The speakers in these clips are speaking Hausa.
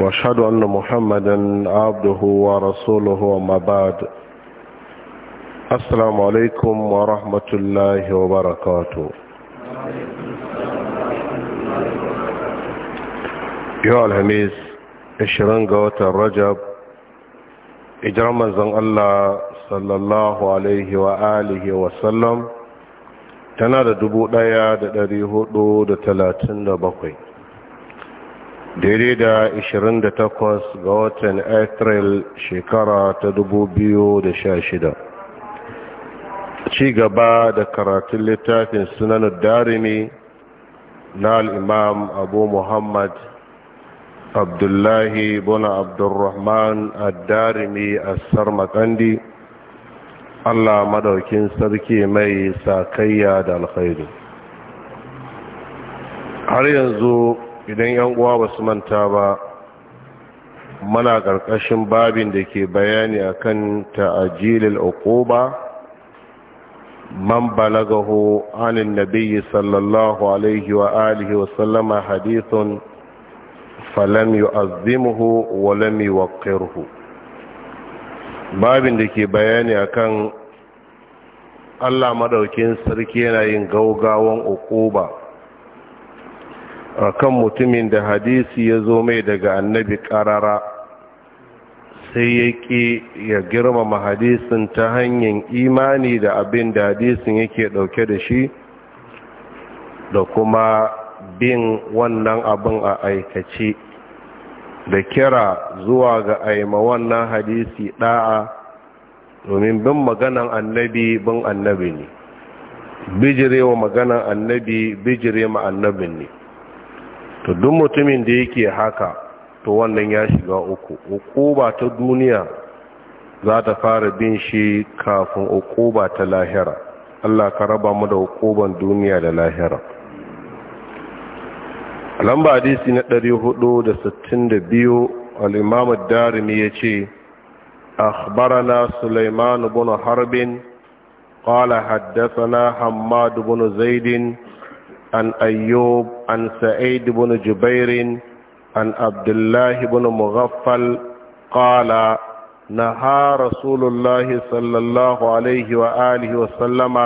واشهد ان محمدا عبده ورسوله وما بعد السلام عليكم ورحمه الله وبركاته يا الهميز اشرن قوات الرجب اجرم زن الله صلى الله عليه واله وسلم تنادى دبو دايا دا دري هدو دا تلاتين دا بقي daidai da 28 ga watan april shekara ta 2016 ci gaba da karatun littafin sunanar darimi na al'imam abu muhammad abdullahi buna abdurrahman a darimi a sarmakandi allah madaukin sarki mai sakayya da alkhairu har yanzu idan yan uwa ba su manta ba mana ƙarƙashin babin da ke bayani akan ta'ajilil uquba man balagahu anin nabiyyi sallallahu alaihi wa alihi wa sallama hadithun falam yu'azzimuhu wa lam yuqirhu babin da ke bayani akan Allah madaukin sarki yana yin gaugawan uquba kan mutumin da hadisi ya zo mai daga annabi ƙarara sai ya ƙi ya girmama hadisin ta hanyar imani da abin da hadisin yake ɗauke da shi da kuma bin wannan abin a aikace da kira zuwa ga aima wannan hadisi ɗa'a domin bin maganan annabi bin annabi ne bijirewa maganan annabi bijire annabin ne to duk mutumin da yake haka to wannan ya shiga uku ukuba ta duniya za ta fara bin shi kafin ukuba ta lahira Allah ka raba mu da ukuban duniya da lahira lamba hadisi na 462 al-imam ad-darimi yace akhbarana sulaiman ibn harbin قال حدثنا حماد بن زيد عن أيوب عن سعيد بن جبير عن عبد الله بن مغفل قال نهى رسول الله صلى الله عليه وآله وسلم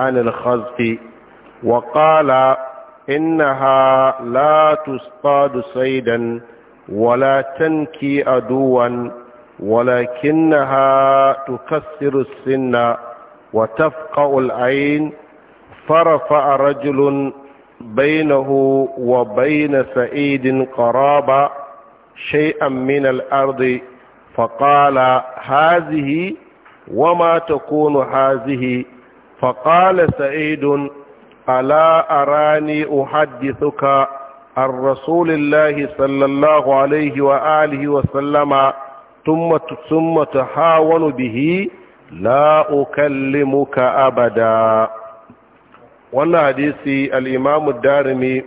عن الخزف وقال إنها لا تصطاد صيدا ولا تنكي عدوا ولكنها تكسر السن وتفقأ العين فرفع رجل بينه وبين سعيد قرابة شيئا من الأرض فقال هذه وما تكون هذه فقال سعيد ألا أراني أحدثك عن رسول الله صلى الله عليه وآله وسلم ثم ثم تحاول به لا أكلمك أبدا wannan hadisi al'imamu darimi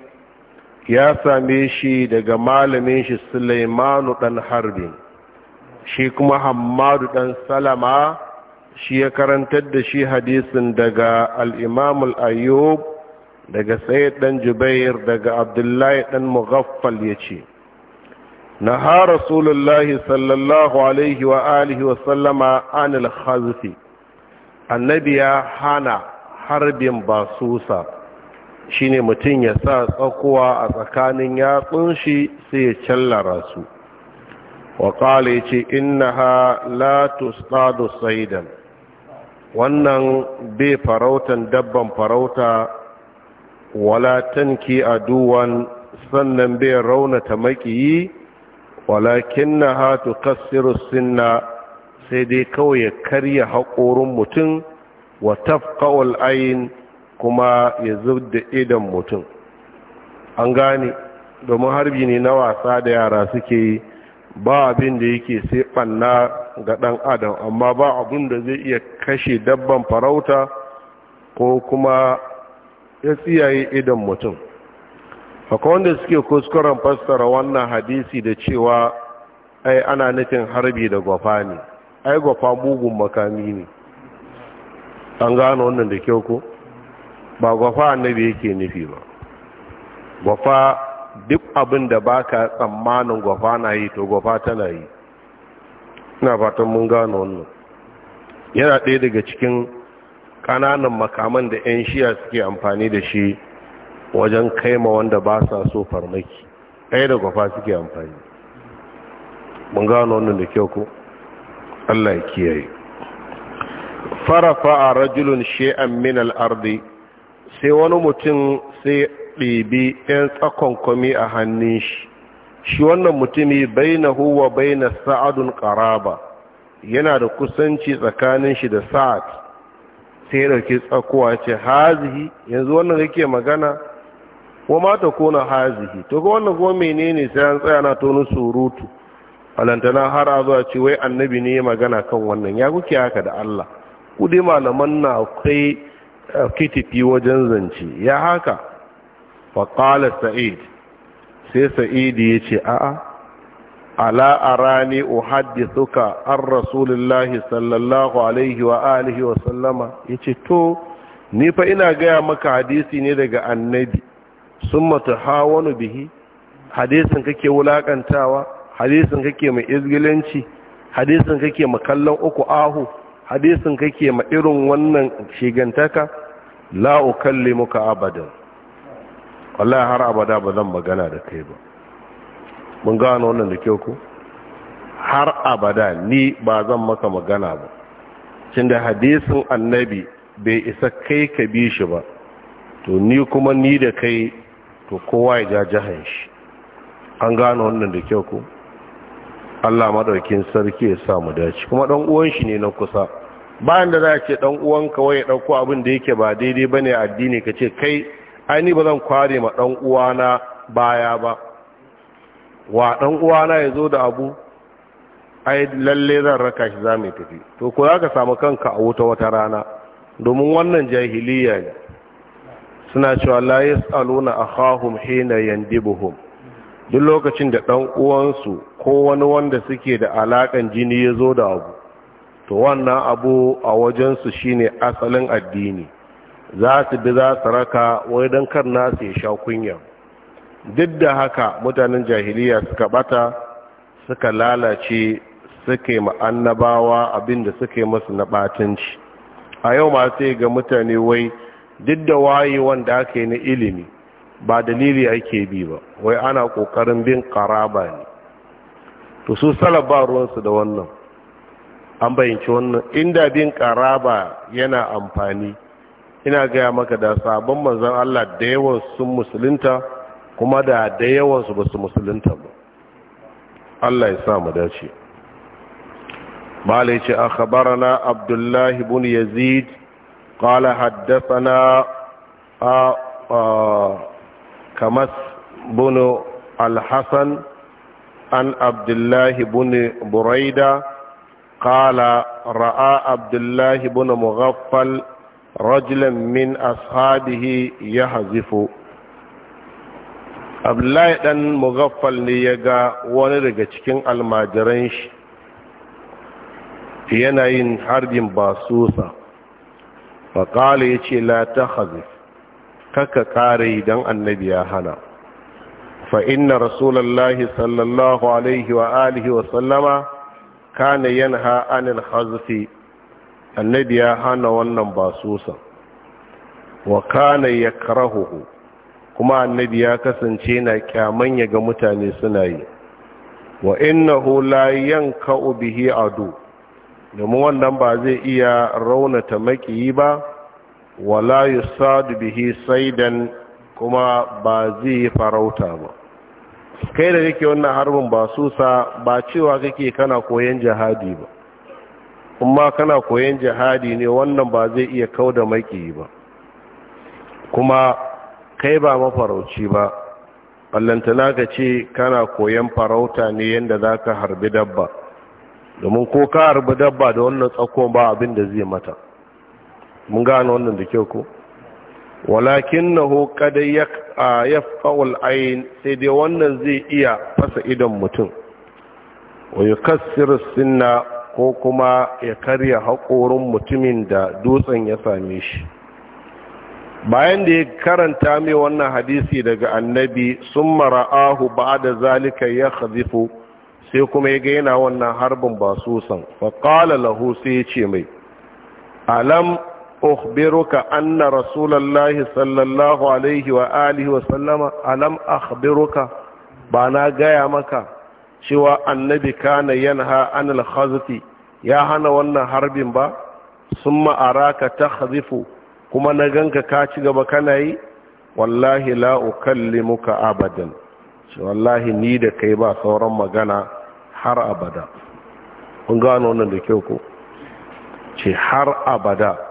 ya same shi daga malamin shi sulaimanu ɗan harbi shi kuma hammadu ɗan salama shi ya karantar da shi hadisin daga al'imamul ayyub daga sayid ɗan jubair daga abdullahi ɗan mughaffal ya ce نهى رسول الله alaihi wa عليه وآله anil عن Annabi ya hana. harbin basusa shine mutum ya sa tsakuwa a tsakanin yatsun shi sai ya cellara su waƙala ya ce innaha latus ɗadus saidan wannan bai farautan dabban farauta wala ke aduwan sannan bai raunata makiyi walakin na hatu kassirus sinna sai dai kawai ya karya haƙorin mutum wa tafqa'ul ayn kuma ya zubda idan mutum an gane domin harbi ne na wasa da yara suke yi ba abin da yake sai banna ga ɗan adam amma ba abin da zai iya kashe dabban farauta ko kuma ya tsiyaye idan mutum akwai wanda suke kuskuren fassara wannan hadisi da cewa ai ana nufin harbi da gwafa ne ai gwafa bugun makami ne an gano wannan da kyau ko ba gwafa annabi yake nufi ba gwafa duk abin da ba ka tsammanin gwafa na yi to gwafa tana yi ina fatan mun gano wannan yana ɗaya daga cikin ƙananan makaman da 'yan shiya suke amfani da shi wajen kaima wanda ba sa so farmaki ɗaya da gwafa suke amfani mun gano wannan da kyau ko Allah ya kiyaye farafa a rajulun she'an min al'ardi sai wani mutum sai ɗibi ‘yan tsakon kwami a hannun shi shi wannan mutumi bai na huwa bai na sa'adun ƙaraba yana da kusanci tsakanin shi da sa'ad sai ɗauki tsakowa ce hazihi yanzu wannan yake magana wa mata kona hazihi to ga wannan kuma menene sai an tsaya na tonu surutu alantana har a zuwa ce wai annabi ne magana kan wannan ya kuke haka da Allah Kuɗi malaman na kai eh, kitifi wajen zance ya haka faƙala sa'id sai sa'id ya ce a'a ala haddi suka an rasulullahi sallallahu alaihi wa alihi wa sallama ya ce to ni fa ina gaya maka hadisi ne daga annabi sun mata hawanu bihi hadisin kake wulakantawa hadisin kake mai izgilanci hadisin kake kallon uku ahu hadisin kake ma irin wannan shigantaka la ukallimuka abada. wallahi har abada ba zan magana da kai ba mun gano wannan da kyau ko har abada ni ba zan maka magana ba cin hadisin annabi bai isa kai ka bi shi ba to ni kuma ni da kai to kowa ya ja jahan shi an gano wannan da kyau ko Allah madaukin sarki ya sa mu dace kuma dan uwan shi ne na kusa bayan da za a ce dan uwanka wai dauko abin da yake ba daidai bane addini ka ce kai ai ni ba zan kware ma dan uwana baya ba wa dan uwana yazo da abu ai lalle zan raka shi za mu tafi to ko za ka samu kanka a wuta wata rana domin wannan jahiliya ne suna cewa la yas'aluna akhahum hina yandibuhum duk lokacin da dan uwansu ko wani wanda suke da alakan jini yazo da abu to wannan abu a wajen su shine asalin addini za su bi za su raka wai don kar su ya sha kunya duk da haka mutanen jahiliya suka bata suka lalace suke annabawa abinda suke masu na batanci a yau ma sai ga mutane wai duk da wayewan da ake na ilimi ba dalili ake bi ba wai ana ƙoƙarin bin ƙaraba ne to su salaba ruwansu da wannan an bayyance wannan inda bin karaba yana amfani ina gaya maka da sabon manzan Allah da yawan sun musulunta kuma da da yawan su basu musulunta ba Allah ya sa mu dace malai ce akhbarana abdullah ibn yazid qala haddathana a kamas bunu al-hasan an abdullah ibn buraida قال رأى عبد الله بن مغفل رجلا من أصحابه يحذف عبد الله بن مغفل ليجا ونرجع cikin almajiran shi yana yin harbin basusa faƙali ya ce la ta hazif kaka kare idan annabi ya hana Fa inna rasulallah sallallahu alaihi wa alihi wa sallama kana ha anil hazfi annabi ya hana wannan ba basusa wa kana yakrahuhu kuma annabi ya kasance na kyaman ya ga mutane suna yi wa innahu la yanka bihi adu domin wannan ba zai iya raunata makiyi ba wala yusadu bihi saidan kuma ba zai farauta ba kai da kake wannan harbin ba susa ba cewa kake kana koyon jihadi ba kuma kana koyon jihadi ne wannan ba zai iya kau da maki ba kuma kai ba mafarauci ba ballantana ka ce kana koyon farauta ne yadda za ka harbi dabba domin ko ka harbi dabba da wannan tsakon ba abin da zai mata mun gano wannan da kyau ko Walakin walakinahu qad ya al-ayn sai dai wannan zai iya fasa idon mutum wa yukassiru sinna ko kuma ya karya haƙorin mutumin da dutsen ya same shi bayan da ya karanta mai wannan hadisi daga annabi sun ahu ba da zalika ya khazifu sai kuma ya gaina wannan harbin ba fa faƙala lahu sai ya ce mai alam ukhbiruka anna rasulallahi sallallahu alaihi wa alihi wa sallama alam akhbiruka ba na gaya maka cewa annabi kana yanha anil khazfi ya hana wannan harbin ba sun summa araka takhzifu kuma na ganka ka ci gaba kana yi wallahi la ukallimuka abadan shi ni da kai ba sauran magana har abada kun gano wannan da kyau ko ce har abada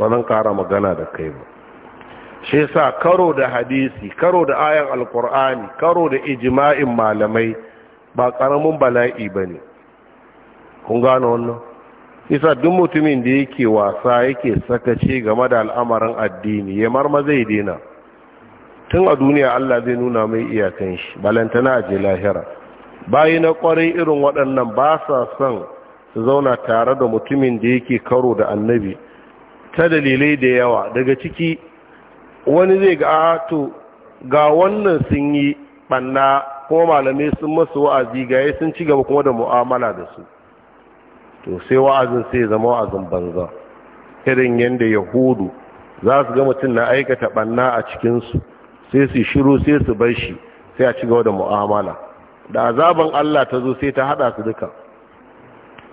ba zan kara magana da kai ba shi sa karo da hadisi karo da ayan alkur'ani karo da ijima'in malamai ba ƙaramin bala'i ba ne kun gano wannan sa duk mutumin da yake wasa yake sakace game da al'amarin addini ya marma zai dina tun a duniya allah zai nuna mai iyakan shi balantana a je lahira bayi na kwarai irin waɗannan ba sa son su zauna tare da mutumin da yake karo da annabi ta dalilai da yawa daga ciki wani zai ga to ga wannan sun yi ɓanna ko malamai sun masu wa'azi ga sun ci gaba kuma da mu'amala da su to sai wa'azin sai zama wa'azin banza irin yadda yahudu za su ga mutum na aikata ɓanna a cikinsu sai su shiru sai su bar shi sai a ci gaba da mu'amala da azaban Allah ta zo sai ta hada su duka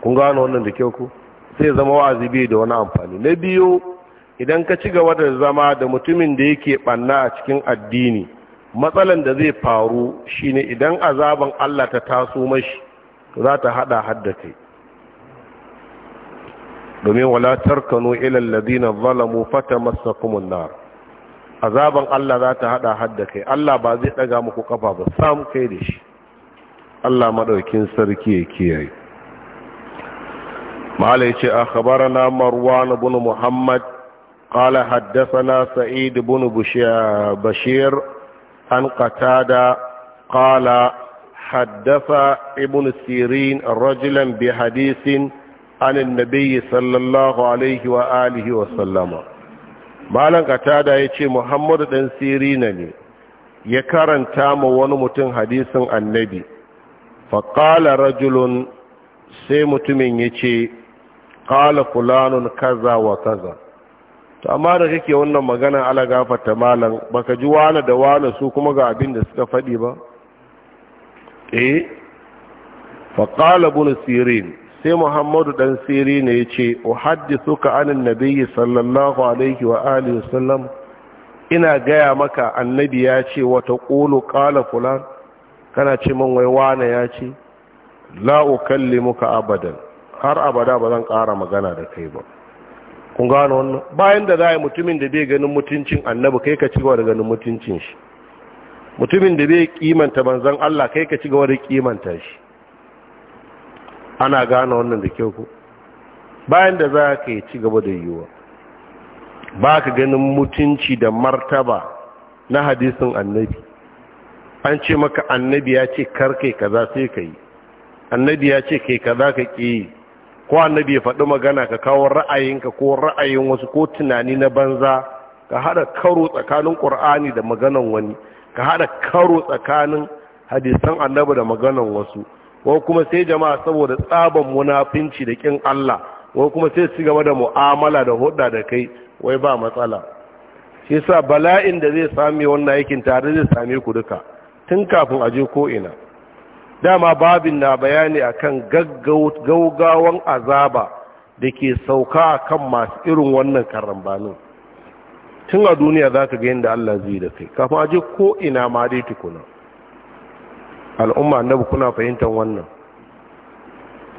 kun gano wannan da kyau ku zai zama wa'azi bai da wani amfani na biyu idan ka ci gaba da zama da mutumin da yake banna a cikin addini matsalan da zai faru shine idan azaban Allah ta taso mashi za ta hada hadda kai domin wala tarkanu ila alladhina zalamu fatamassakumun nar azaban Allah za ta hada hadda kai Allah ba zai daga muku kafa ba sam kai da shi Allah madaukin sarki ya kiyaye malai ce a khabarana marwan bin muhammad قال حدثنا سعيد بن بشير عن قتادة قال حدث ابن سيرين رجلا بحديث عن النبي صلى الله عليه وآله وسلم مالا قتادة يتي محمد بن سيرين wani mutum hadisin annabi النبي rajulun sai mutumin ya ce. qala fulanun kaza wa kaza to amma da kake wannan magana ala gafarta malam baka ji wala da wala su kuma ga abin da suka faɗi ba eh fa qala bun sirin sai muhammadu dan siri ne ya ce uhaddithuka anin nabiyyi sallallahu alaihi wa alihi wasallam ina gaya maka annabi ya ce wata qulu qala fulan kana ce min wai wane ya ce la ukallimuka abadan har abada ba zan ƙara magana da kai ba kun gano wannan bayan da za a yi mutumin da bai ganin mutuncin annabi kai ka cigaba da ganin mutuncin shi mutumin da bai kimanta manzon Allah kai ka cigaba da kimanta shi ana gano wannan da kyau ko bayan da za ka yi cigaba da yiwuwa ba ka ganin mutunci da martaba na hadisin annabi an ce maka annabi ya ce karkai kaza sai ka yi annabi ya ce kai kaza ka ƙi yi ko annabi ya faɗi magana ka kawo ra'ayinka ko ra'ayin wasu ko tunani na banza ka haɗa karo tsakanin ƙur'ani da maganan wani ka haɗa karo tsakanin hadisan annabi da maganan wasu ko kuma sai jama'a saboda tsaban munafinci da kin Allah ko kuma sai su gaba da mu'amala da hudda da kai wai ba matsala shi yasa bala'in da zai same wannan aikin tare zai same ku duka tun kafin aje ko ina dama babin na bayani akan gaggawan azaba da ke sauka kan masu irin wannan karambanin tun a duniya za ka ga yadda Allah zai da kai kafin aji ko ina ma dai tukuna al'umma na kuna fahimtar wannan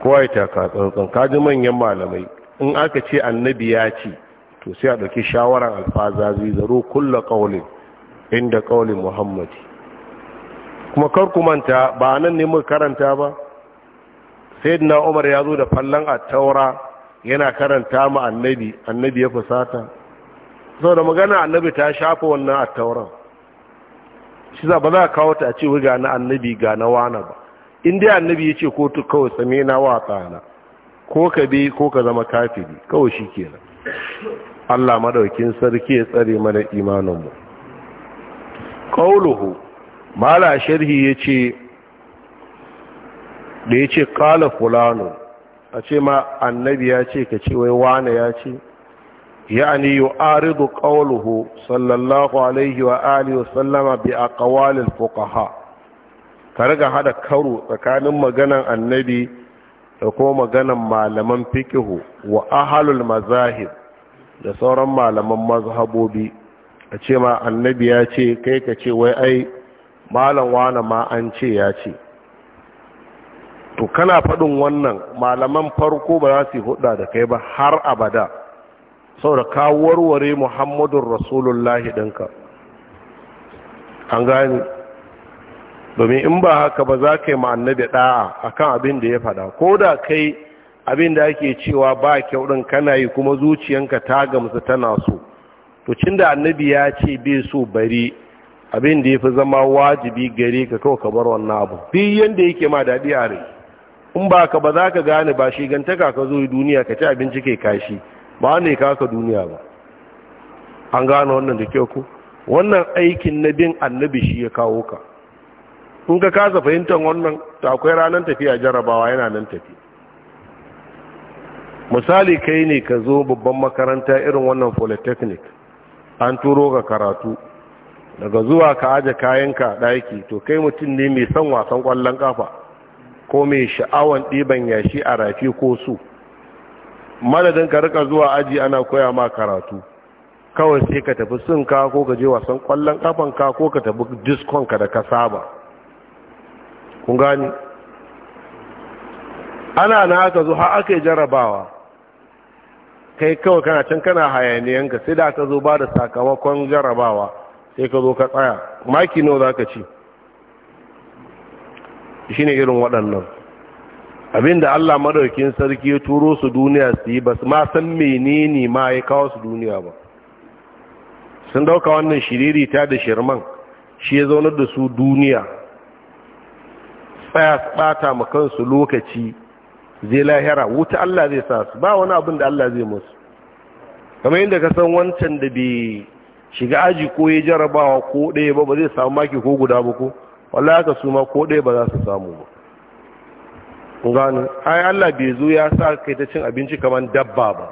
kowa ya taka tsantsan kaji manyan malamai in aka ce annabi ya ce to sai a ɗauki shawarar alfazazi zaro kulla ƙaulin inda ƙaulin muhammadi kuma kar ku manta ba nan ne mu karanta ba sayyidina Umar ya zo da fallan at-taura yana karanta mu annabi annabi ya fusata da magana annabi ta shafa wannan at-taura shi za ba za ka kawo ta a ce wai ga na annabi ga na wana ba in dai annabi ya ce ko tu kawai same na wa tsana ko ka bi ko ka zama kafiri kawai shi kenan Allah madaukin sarki ya tsare mana imanin mu qauluhu mala sharhi ya ce da ya ce kala fulano a ce ma annabi ya ce ka ce wai wane ya ce ya'ani yu'aridu qawluhu sallallahu alaihi wa alihi wa sallama bi fukaha fuqaha karga hada karo tsakanin maganan annabi da kuma maganan malaman Fikihu wa ahlul mazahib da sauran malaman mazhabobi a ce ma annabi ya ce kai ka ce wai ai malam wane ma an ce ya ce to kana faɗin wannan malaman farko ba za su hudu da kai ba har abada saboda ka warware muhammadun rasulullahi ɗinka an gani domin in ba haka ba za ka yi ma'annabi ɗa'a a kan abin da ya faɗa ko da kai abin da ake cewa ba kyau ɗin kana yi kuma zuciyanka ta gamsu tana so to cin annabi ya ce bai so bari abin da ya fi zama wajibi gare ka kawai ka bar wannan abu duk yadda yake ma daɗi a rai in ba ka ba za ka gane ba shi gantaka ka zo duniya ka ci abinci ke kashi ba ne ka ka duniya ba an gane wannan da kyau ku wannan aikin na bin annabi shi ya kawo ka in ka kasa fahimtar wannan ta akwai ranar tafiya jarabawa yana nan tafi misali kai ne ka zo babban makaranta irin wannan polytechnic an turo ka karatu daga zuwa ka aje kayanka daki, to kai mutum ne mai son wasan ƙwallon ƙafa ko mai sha'awan ɗiban yashi a rafi ko su madadin ka rika zuwa aji ana koya ma karatu kawai sai ka tafi sun ka ko ka je wasan ƙwallon ƙafanka ko ka tafi diskonka da ka saba kun gani ana na aka zo har aka yi jarabawa kai kawai kana can kana hayaniyanka sai da aka zo ba da sakamakon jarabawa sai ka zo ka tsaya maki nawa zaka ci shi ne irin waɗannan abinda allah madaukin sarki ya turo su duniya su yi ba ma san menene ma ya kawo su duniya ba sun dauka wannan ta da shirman shi ya zaunar da su duniya tsaya su ɓata ma kansu lokaci zai lahira wuta allah zai sa su ba wani abin da allah zai musu kamar yadda ka san wancan da bai shiga aji ko ya jarabawa ko ɗaya ba ba zai samu maki ko guda ba ko wala haka su ma ko ɗaya ba za su samu ba gano ai Allah bai zo ya sa kai ta cin abinci kamar dabba ba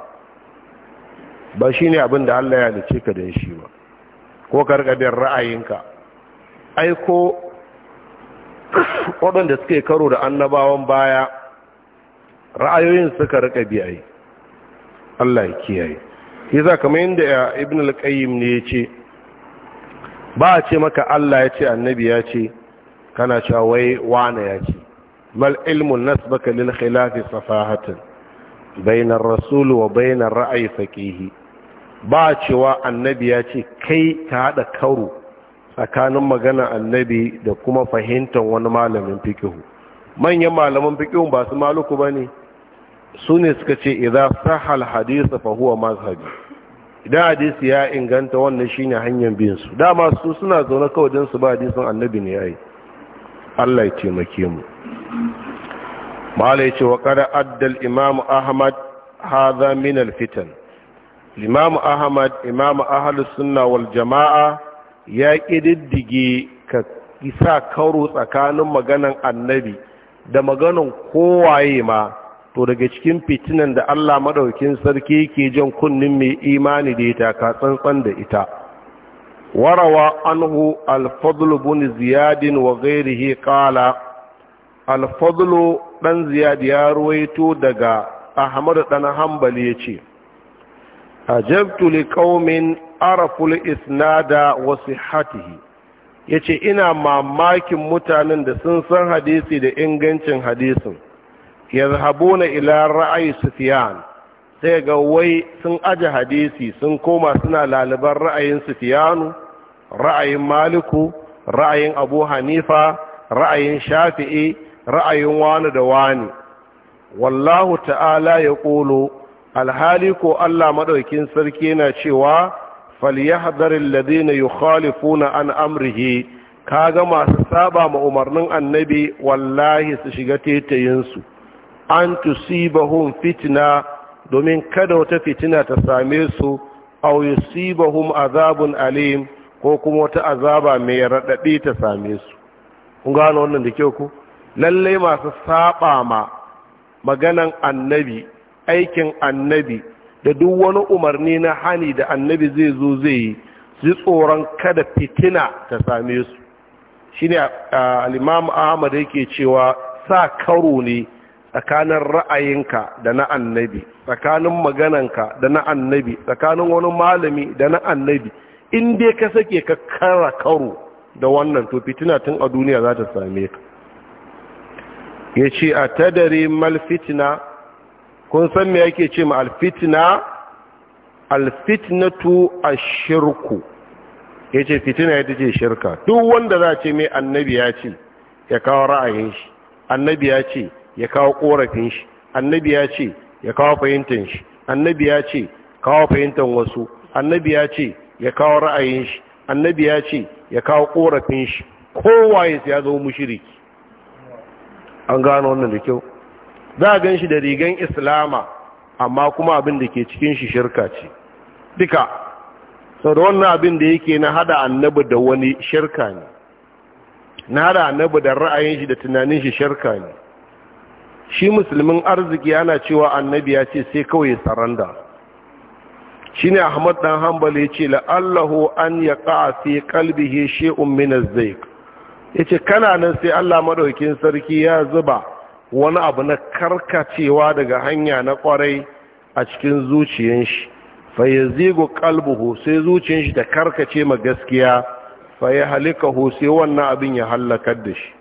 ba shine abin da Allah ya nace ka da shi ba ko ka ra'ayinka ai ko waɗanda yi karo da annabawan baya ra'ayoyin suka rika biyayi Allah ya kiyaye yasa kamar inda ibn al-qayyim ne ya ce ba a ce maka Allah ya ce annabi ya ce kana cewa wai wane ya ce mal ilmu nasbaka lil khilafi safahatan bainar rasul wa bainar ra'ayi faqihi ba cewa annabi ya ce kai ka hada kauru tsakanin magana annabi da kuma fahimtar wani malamin fikihu manyan malaman fikihun ba su maluku bane su ne suka ce idan sahal hadisa fa huwa mazhabi idan hadisi ya inganta wannan shine hanyar bin su dama su suna zaune kawai don su ba hadisin annabi ne yayi Allah ya taimake mu malai ce wa qara addal imam ahmad hadha min al fitan imam ahmad imam ahli sunna wal jamaa ya kididdige ka isa karo tsakanin maganan annabi da maganan kowaye ma to daga cikin fitinan da Allah madaukin sarki ke jan kunnin mai imani da ita ka tsantsan da ita warawa anhu al-fadl bin ziyad wa ghayrihi qala al-fadl dan ziyad ya ruwaito daga ahmad dan hanbali yace ajabtu liqaumin arafu al-isnada wa sihhatihi yace ina mamakin mutanen da sun san hadisi da ingancin hadisin na ila ra'ayi sufyan sai ga wai sun aje hadisi sun koma suna laliban ra'ayin sufiyanu ra'ayin maliku ra'ayin abu hanifa ra'ayin shafi'i ra'ayin wani da wani wallahu ta'ala ya ƙolo alhali ko allah maɗaukin sarki na cewa falyahdarin ladina na an amrihi kaga masu saba ma umarnin annabi wallahi su shiga tetayinsu an tusibahum fitina domin kada wata fitina ta same su aw yusibahum azabun alim ko kuma wata azaba mai radadi ta same su kun gano wannan da kyau ku lalle masu saba ma maganan annabi aikin annabi da duk wani umarni na hani da annabi zai zo zai yi su tsoron kada fitina ta same su shine a Ahmad yake cewa sa karo ne tsakanin ra'ayinka da na annabi tsakanin magananka da na annabi tsakanin wani malami da na annabi in dai ka sake ka kara karo da wannan to fitina tun a duniya za ta same ka ya ce a tadare malfitina kun san me yake ce ma alfitina a shirku ya ce fitina ya ce shirka duk wanda za ce mai annabi ya ce ya kawo ra'ayin shi annabi ya ce ya kawo korafin shi annabi ya ce ya kawo fahimtar shi annabi ya ce kawo fahimtar wasu annabi ya ce ya kawo ra'ayin shi annabi ya ce ya kawo korafin shi kowaye su ya zama mushiriki an gano wannan da kyau za a gan shi da rigan islama amma kuma abin da ke cikin shi shirka ce duka sau da wannan abin da yake na hada annabi da wani shirka ne na hada annabi da ra'ayin shi da tunanin shi shirka ne shi musulmin arziki yana cewa annabi ya ce sai kawai saranda shi ne ahmad dan hambali ya ce la'allahu an ya ƙafi kalbihi shi'un minas zaik ya ce kana nan sai allah maɗaukin sarki ya zuba wani abu na karkacewa daga hanya na kwarai a cikin zuciyan shi fayyazigo kalbuhu sai zuciyan shi da karkace ma gaskiya fayyalikahu sai wannan abin ya hallakar da shi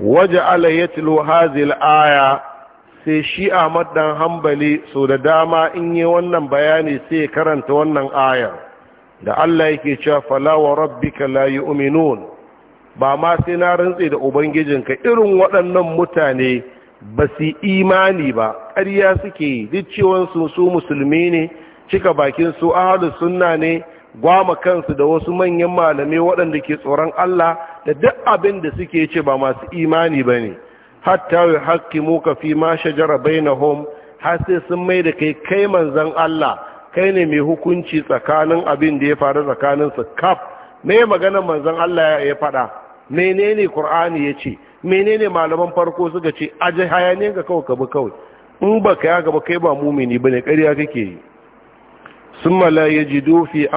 waje ala ya tilo hazil aya sai shi a madan hambali so da dama in yi wannan bayani sai karanta wannan ayar da allah yake cewa falawa rabbika la yu'minun ba ma sai na rantse da ubangijinka irin waɗannan mutane ba su imani ba ƙarya suke yi duk sun su musulmi ne cika bakin su ahalus sunna ne gwama kansu da wasu manyan malamai waɗanda ke tsoron allah da duk abin da suke ce ba masu imani ba ne hatta yi haƙƙi muka fi ma shajara bai na hom har sai sun mai da kai kai manzan Allah kai ne mai hukunci tsakanin abin da ya faru tsakanin su kaf me magana manzan Allah ya faɗa menene Kur'ani ya ce menene malaman farko suka ce aji hayaniyan ka kawai ka bi kawai in ba ka ya gaba kai ba mumini bane ƙarya kake yi summa la yajidu fi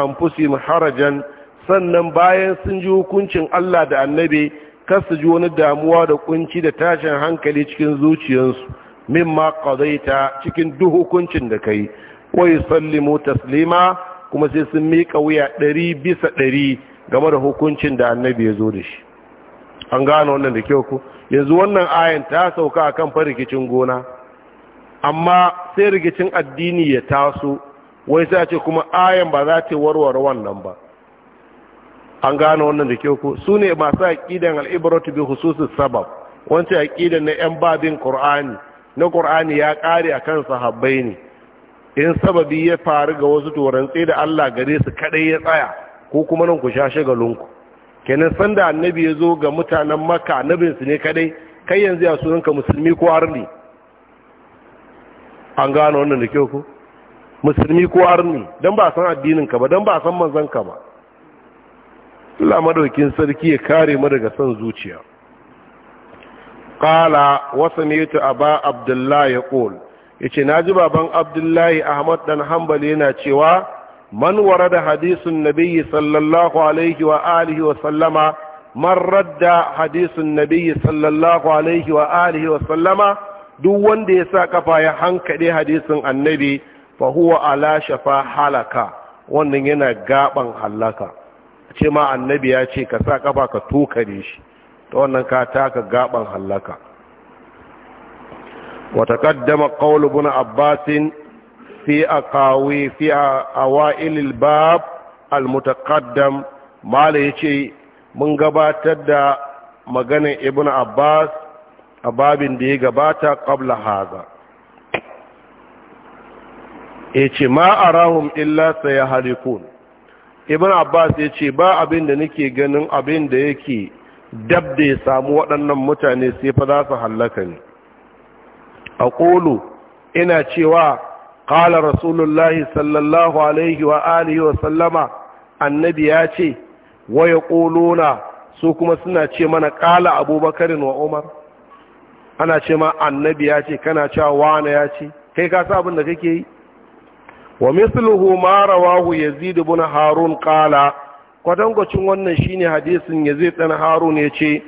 harajan sannan bayan sun ji hukuncin Allah da annabi kar ji wani damuwa da kunci da tashin hankali cikin zuciyarsu min ma qadaita cikin duk hukuncin da kai wa yusallimu taslima kuma sai sun miƙa wuya ɗari bisa ɗari game da hukuncin da annabi ya zo da shi an gano wannan da kyau ku yanzu wannan ayan ta sauka a kan farikicin gona amma sai rikicin addini ya taso wai sai ce kuma ayan ba za ta warware wannan ba an gano wannan da ke ku su ne masu aƙidan al’ibarotu bi huSusus sabab wance aƙidan na 'yan babin ƙur'ani na ƙur'ani ya ƙare a kan sahabbai ne in sababi ya faru ga wasu turantsai da allah gare su kaɗai ya tsaya ko kuma nan ku sha shagalinku kenan sanda annabi ya zo ga mutanen maka annabinsu ne kaɗai kai yanzu ya sunan ka musulmi ko arni an gano wannan da ke ku musulmi ko arni don ba san addininka ba don ba san manzanka ba Allah madaukin sarki ya kare mu daga son zuciya qala wasamitu aba abdullahi yaqul yace naji baban abdullahi ahmad dan hanbali yana cewa man warada hadisun nabiyyi sallallahu alaihi wa alihi wa sallama man radda hadisun nabiyyi sallallahu alaihi wa alihi wa sallama duk wanda ya sa kafa ya hankade hadisin annabi fa huwa ala shafa halaka wannan yana gaban halaka ce ma annabi ya ce ka sa kafa ka tokare shi ta wannan ka taka gaban hallaka wata kaddama ƙaunar buna abbasin fi a kawai fi a awa'ilil bab almutakaddam mala ya ce mun gabatar da maganin ibn abbas a babin da ya gabata kabla haza ya ce ma a rahun illa sai ya harikun ibn abbas ya ce ba abin da nake ganin abin da yake dab da ya samu waɗannan mutane sai fa za su hallaka ne a ƙolo ina cewa ƙala rasulullahi sallallahu alaihi wa alihi wa sallama annabi ya ce waya ƙolona su kuma suna ce mana ƙala abubakarin wa umar ana ce ma annabi ya ce kana cewa wane ya ce kai ka sa abin da kake yi wa misluhu ma rawahu yazid ibn harun qala kwatankwacin wannan shine hadisin yazid dan harun yace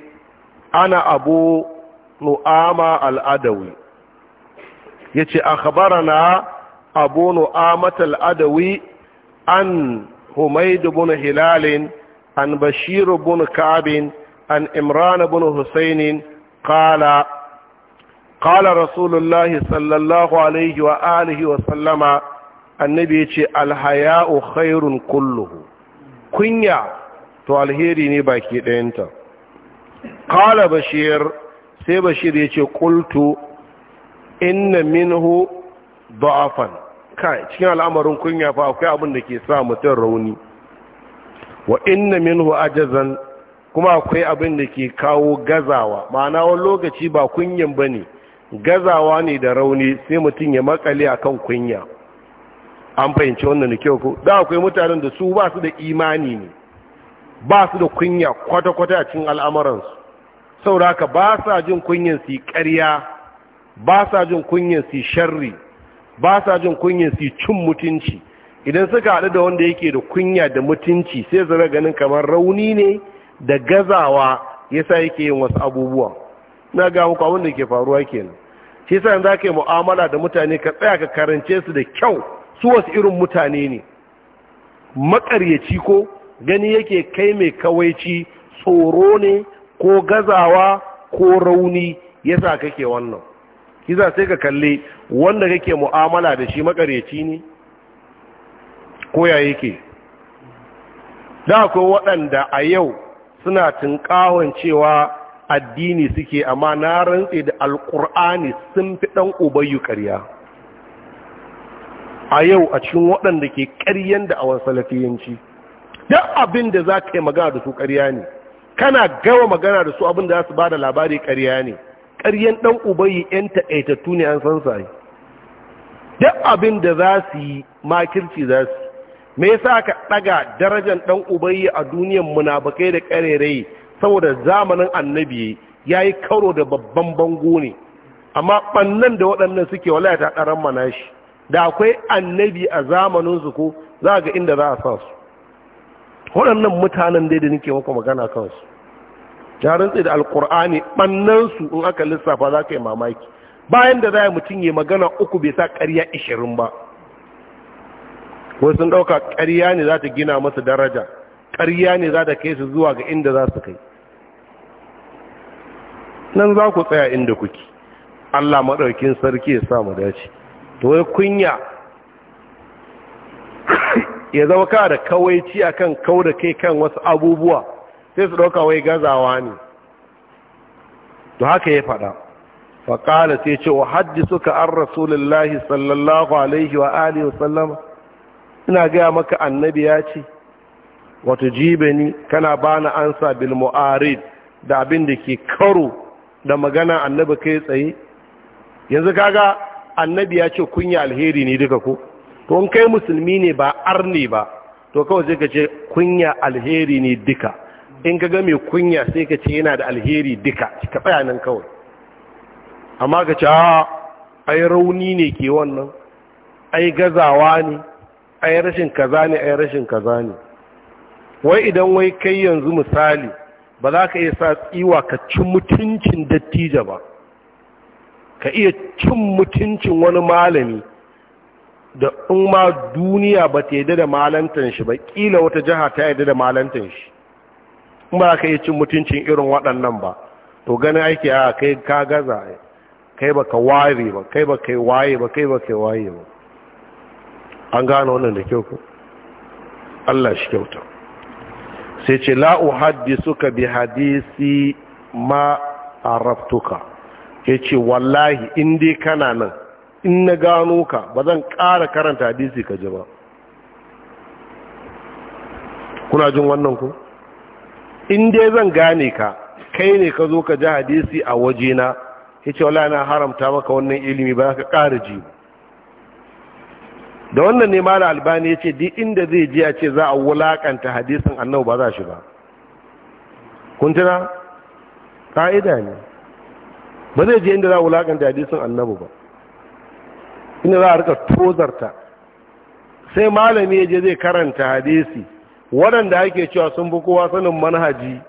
ana abu nu'ama al-adawi yace akhbarana abu nu'ama al-adawi an humayd ibn hilal an bashir ibn ka'b an imran ibn husayn qala قال رسول sallallahu صلى الله عليه wa sallama. annabi ya ce alhaya'u khairun kulluhu kunya to alheri ne baki ɗayanta kala bashir sai bashir ya ce kultu inna minhu ba'afan kai cikin al'amarin kunya fa akwai abin da ke sa mutum rauni wa inna minhu ajazan kuma akwai abin da ke kawo gazawa ma'ana wani lokaci ba kunyan ba ne. gazawa ne da rauni sai mutum ya makale akan kunya an fahimci wannan da kyau ko da akwai mutanen da su ba su da imani ne ba su da kunya kwata-kwata a cikin al'amuransu sauraka ba sa jin kunyan su ƙarya ba sa jin kunyan su sharri ba sa jin kunyan su cin mutunci idan suka haɗu da wanda yake da kunya da mutunci sai zara ganin kamar rauni ne da gazawa yasa yake yin wasu abubuwa na ga muku abin da ke faruwa kenan shi yasa yanzu ka yi mu'amala da mutane ka tsaya ka karance su da kyau su wasu irin mutane ne makaryaci ko gani yake kai mai kawaici tsoro ne ko gazawa ko rauni yasa kake wannan kiza sai ka kalle wanda kake mu'amala da shi makaryaci ne ko ya yake da akwai waɗanda a yau suna tunƙawon cewa addini suke amma na rantse da alƙur'ani sun fi ɗan ubayyu ƙarya a yau a cikin waɗanda ke ƙaryen da awon salafiyanci duk abin da za ka yi magana da su ƙarya ne kana gawa magana da su abin da za su ba da labari ƙarya ne ƙaryen ɗan ubayi 'yan taƙaitattu ne an san sayi duk abin da za su yi makirci za su me yasa ka ɗaga darajar ɗan ubayi a duniyan munafukai da ƙarerai saboda zamanin annabi ya yi karo da babban bango ne amma ɓannan da waɗannan suke wala ta manashi shi da akwai annabi a zamanin su ko za ga inda za a sa su waɗannan mutanen dai da nake maka magana kansu jarin tsaye da alkur'ani su in aka lissafa za ka yi mamaki bayan da za a mutum yi magana uku bai sa ƙarya ishirin ba wasu sun ɗauka ƙarya ne za ta gina masa daraja ƙarya ne za ta kai su zuwa ga inda za su kai nan za ku tsaya inda kuke Allah maɗaukin sarki ya sa mu dace to wai kunya ya zama ka da kawaici akan kau da kai kan wasu abubuwa sai su ɗauka wai gazawa ne to haka ya faɗa faƙala sai ce wa hajji suka an rasulullahi sallallahu alaihi wa alihi wa sallama ina gaya maka annabi ya ce wato jibe ni kana bani ansa bil mu'arid da abin da ke karo da magana annabi kai tsaye yanzu kaga annabi ya ce kunya alheri ne duka ko to in kai musulmi ne ba arne ba to kawai sai ka ce kunya alheri ne duka in ka ga mai kunya sai ka ce yana da alheri duka ka tsaya nan kawai amma ka ce a ah, ai rauni ne ke wannan ai gazawa ne ai rashin kaza ne ai rashin kaza ne wai idan wai kai yanzu misali ba za ka iya sa tsiwa ka ci mutuncin dattijo ba ka iya cin mutuncin wani malami da in ma duniya ba ta yadda da malantan shi ba kila wata jiha ta yadda da malantan shi in ba ka iya cin mutuncin irin waɗannan ba to ganin aiki a kai ka gaza kai ba ka ware ba kai ba kai waye ba kai ba kai waye ba an gano wannan da kyau ku, Allah shi kyauta sai ce la haddi suka bi hadisi ma arabtuka ya ce wallahi in dai kana nan in na gano ka ba zan ƙara karanta hadisi ka ji ba kuna jin wannan ku in dai zan gane ka kai ne ka zo ka ji hadisi a wajena ya ce wallahi na haramta maka wannan ilimi ba ka ƙara ji ba da wannan ne mara albani ya ce duk inda zai ji a ce za a wulaƙanta hadisin annabu ba za shi ba kuntuna ƙa'ida ne ba zai je inda za a da hadisun annabi ba inda za a rika tozarta sai malami ya je zai karanta hadisi waɗanda ake cewa sun fi kowa sanin manhaji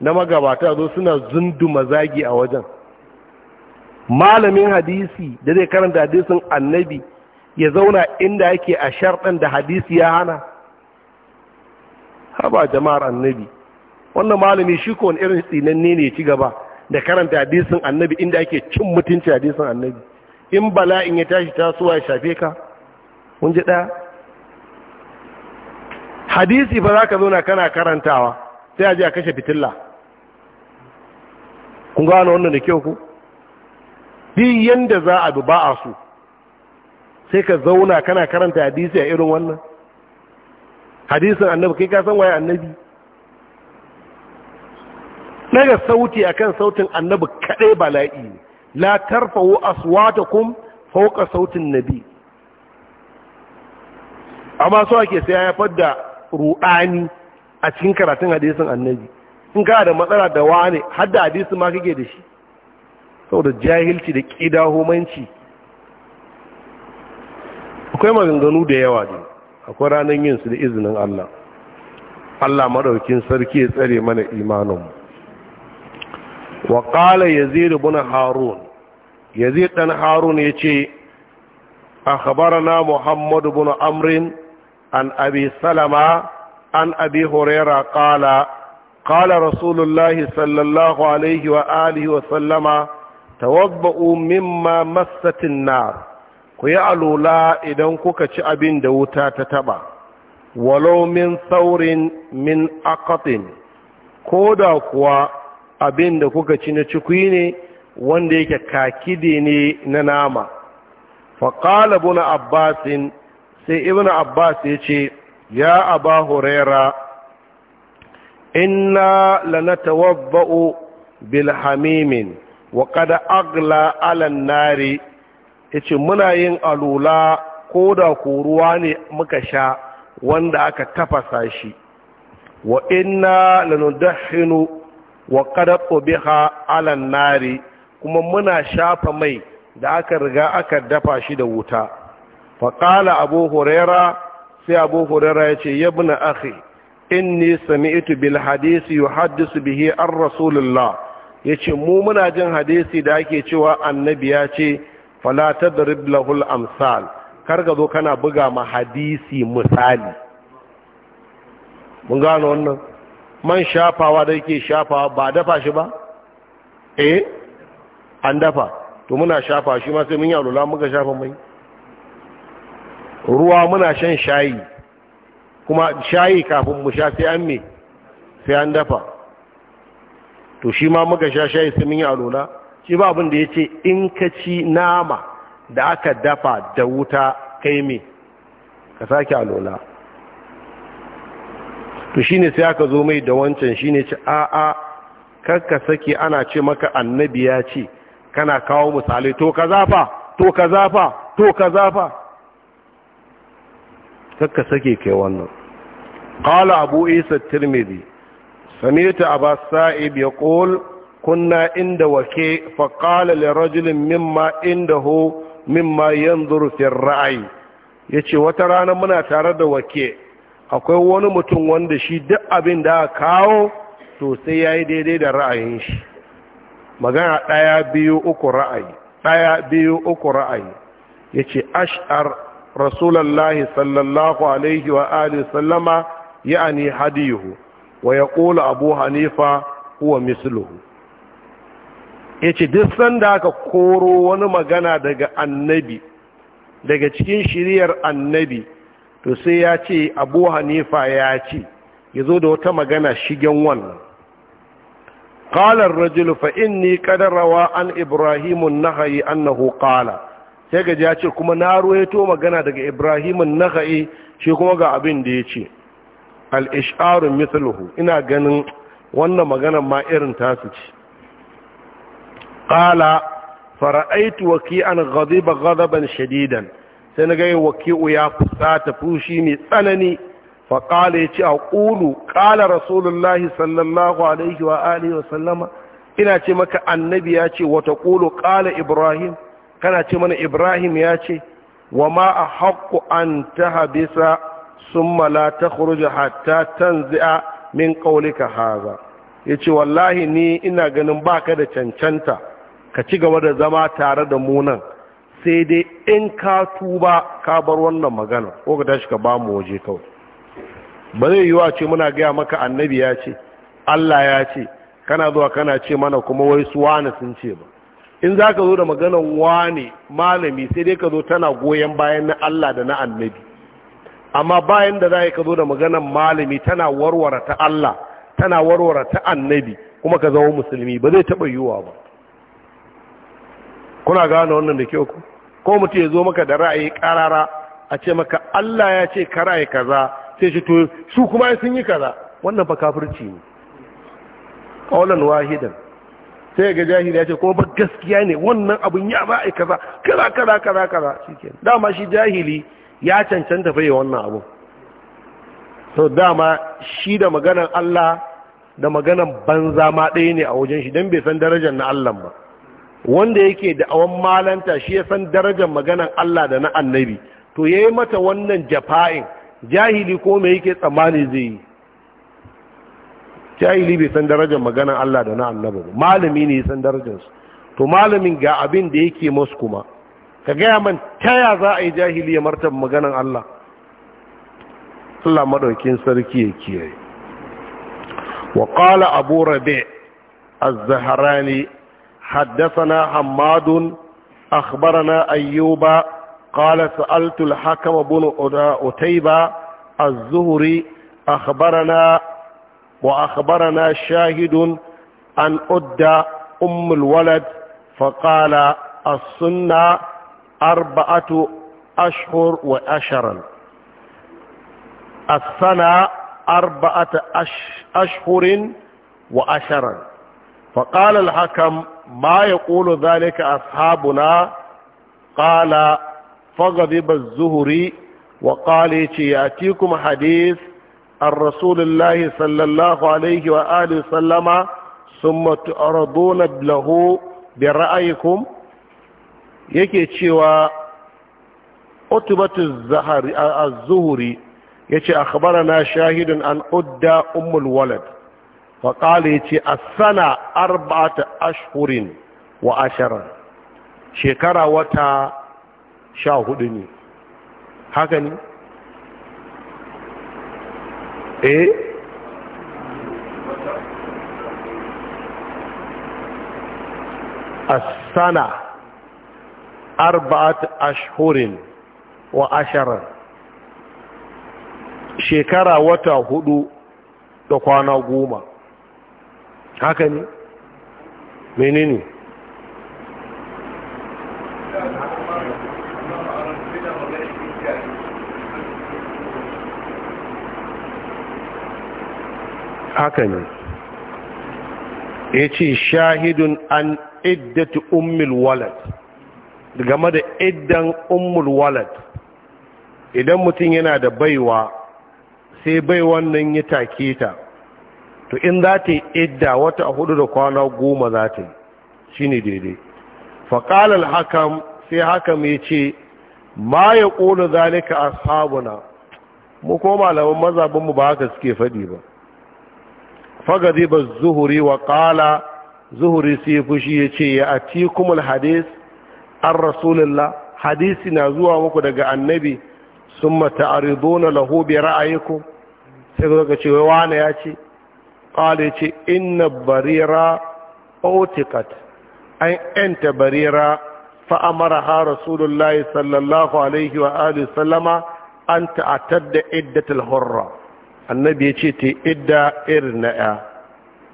na magabata zo suna zunduma zagi a wajen malamin hadisi da zai karanta hadisin annabi ya zauna inda yake a sharɗin da hadisi ya hana haba jama'ar annabi wannan malami shi ko irin tsinanne ne ci gaba da karanta hadisin annabi inda ake cin mutunci hadisin annabi in bala'in ya tashi tasowa ya shafe ka kun ji ɗaya hadisi ba za ka zauna kana karantawa sai a ji a kashe fitilla kun gano wannan da kyau ku bi yanda za a bi ba a su sai ka zauna kana karanta hadisi a irin wannan hadisin annabi kai ka san waye annabi daga sauti akan sautin annabi kadai bala'i ne la tarfa'u aswatakum fauka sautin nabi amma so ake sai ya da ru'ani a cikin karatun hadisin annabi in ka da matsala da har hadda hadisi ma kake da shi saboda jahilci da kidahomanci akwai maganganu da yawa ne akwai ranar yin su da izinin Allah Allah madaukin sarki ya tsare mana imaninmu wa qala yazid ibn harun yazid dan harun yace akhbarana muhammadu ibn amr an abi salama an abi huraira qala qala rasulullah sallallahu alaihi wa alihi wa sallama tawabba'u mimma massatin nar ku yi alula idan kuka ci abin da wuta ta taba walau min saurin min akatin ko da kuwa abin da kuka ci na cikui ne wanda yake kakide ne na nama faƙala buna abbasin sai ibn abbas ya ce ya aba huraira inna lanatawabba'u bil Bilhamimin, wa qad agla ala nari yace muna yin alula ko da ruwa ne muka sha wanda aka tafasa shi wa inna lanudahinu wa kada Alan ala nari kuma muna shafa mai da aka riga aka dafa shi da wuta fa abu huraira sai abu huraira yace yabna akhi inni sami'tu bil hadisi yuhaddisu bihi an rasulullah yace mu muna jin hadisi da ake cewa annabi ya ce fala tadrib lahul amsal karga zo kana buga ma hadisi misali mun gano wannan man shafawa da yake shafawa ba dafa shi ba eh an dafa to muna shafa shi ma sai mun yi muka shafa mai ruwa muna shan shayi kuma shayi kafin mu sha sai an me sai an dafa to shi ma muka sha shayi sai mun yi alula shi ba abin da ya ce in ka ci nama da aka dafa da wuta kai me ka sake alola. to ne sai aka zo mai da wancan ne ce a a karka sake ana ce maka annabi ya ce kana kawo misali to ka zafa, to ka zafa, to ka zafa karka sake kai wannan kala abu isa tirmidhi sami'tu aba sa'ib yaqul kunna inda wake faƙala le rajulin mimma ho mimma yanzu rufin ra'ayi. Ya ce wata rana muna tare da wake akwai wani mutum wanda shi duk abin da kawo to sai ya yi daidai da ra'ayin shi magana ɗaya biyu uku ra'ayi ɗaya biyu uku ra'ayi ya ce ash'ar rasulallahi sallallahu alaihi wa alihi sallama ya'ani hadihu wa ya ƙola abu hanifa kuwa misluhu ya ce duk sanda aka koro wani magana daga annabi daga cikin shiryar annabi to sai ya ce abu hanifa ya ce ya zo da wata magana shigen wannan ƙalar rajulu fa inni ƙadarawa an ibrahimun nahayi annahu ƙala sai gaji ya ce kuma na to magana daga ibrahimun nahayi shi kuma ga abin da ya ce al'isharun mithluhu ina ganin wannan magana ma irin tasu ce ƙala fara'aitu waki an gaziba gazaban shadidan sai na gaya waki'u ya fusata fushi mai tsanani faƙala ya ce a ƙulu ƙala rasulullahi sallallahu alaihi wa alihi wa sallama ina ce maka annabi ya ce wata ƙulu ƙala ibrahim kana ce mana ibrahim ya ce wa ma a haƙƙu an ta habisa sun mala ta hatta hatta zi'a min ƙaulika haza ya ce wallahi ni ina ganin baka da cancanta ka ci gaba da zama tare da munan sai dai in ka tuba ka bar wannan magana ko ka tashi ka ba mu waje kawai ba zai yiwa ce muna gaya maka annabi ya ce Allah ya ce kana zuwa kana ce mana kuma wai su wani sun ce ba in za ka zo da maganan wane malami sai dai ka zo tana goyon bayan na Allah da na annabi amma bayan da za ka zo da maganan malami tana warware ta Allah tana warware ta annabi kuma ka zama musulmi ba zai taɓa yiwuwa ba kuna gane wannan da kyau ku ko mutum ya zo maka da ra'ayi karara a ce maka Allah ya ce ka ra'ayi kaza sai shi to su kuma sun yi kaza wannan fa kafirci ne qaulan wahidan sai ga jahili ya ce ko ba gaskiya ne wannan abun ya ba ai kaza kaza kaza kaza kaza shikenan dama shi jahili ya cancanta fa wannan abu to dama shi da maganan Allah da maganan banza ma ɗaya ne a wajen shi dan bai san darajar na Allah ba wanda yake da'awan malanta shi ya san darajar maganan Allah da na annabi to yayi mata wannan jafa'in jahili ko me yake tsammani zai yi jahili bai san darajar maganan Allah da na annabi ba malami ne ya san darajar su, to malamin ga abin da yake masu kuma ka gaya man taya za a yi jahili ya martaba maganan Allah Allah madaukin sarki ya kiyaye wa qala abu rabi az-zahrani حدثنا حماد أخبرنا أيوب قال سألت الحكم بن أتيبة الزهري أخبرنا وأخبرنا شاهد أن أدى أم الولد فقال السنة أربعة أشهر وأشرا السنة أربعة أشهر وأشرا فقال الحكم ما يقول ذلك أصحابنا قال فغضب الزهري وقال يأتيكم حديث الرسول الله صلى الله عليه وآله وسلم ثم تعرضون له برأيكم يكي cewa utubatu الزهري zuhri yace akhbarana shahidun an udda faƙala ce a sana arba'ata ashirin wa ashirin shekara wata sha hudu ne haka ne eh a sana arba'ata ashirin wa ashirin shekara wata hudu da kwana goma haka ne menene haka ne ya ce shahidun an iddatu ummul walad game da iddan ummul walad idan mutum yana da baiwa sai baiwan nan ya take ta to in za ta yi idda wata hudu da kwana goma za ta yi shi ne daidai faƙalar hakan sai hakan ya ce ma ya ƙona zalika a sabuna mu ko malaman mazabinmu ba haka suke faɗi ba fagadi ba zuhuri wa ƙala zuhuri sai fushi ya ce ya ati kuma hadis an rasulullah hadisi na zuwa muku daga annabi sun mata'aridona lahu bi ra'ayiku sai ka ce wane ya ce ƙala ce inna barira otikat an yanta barira fa'amara ha rasulullahi sallallahu alaihi wa alihi sallama an ta'atar da iddatul hurra annabi ya ce ta idda irin na ya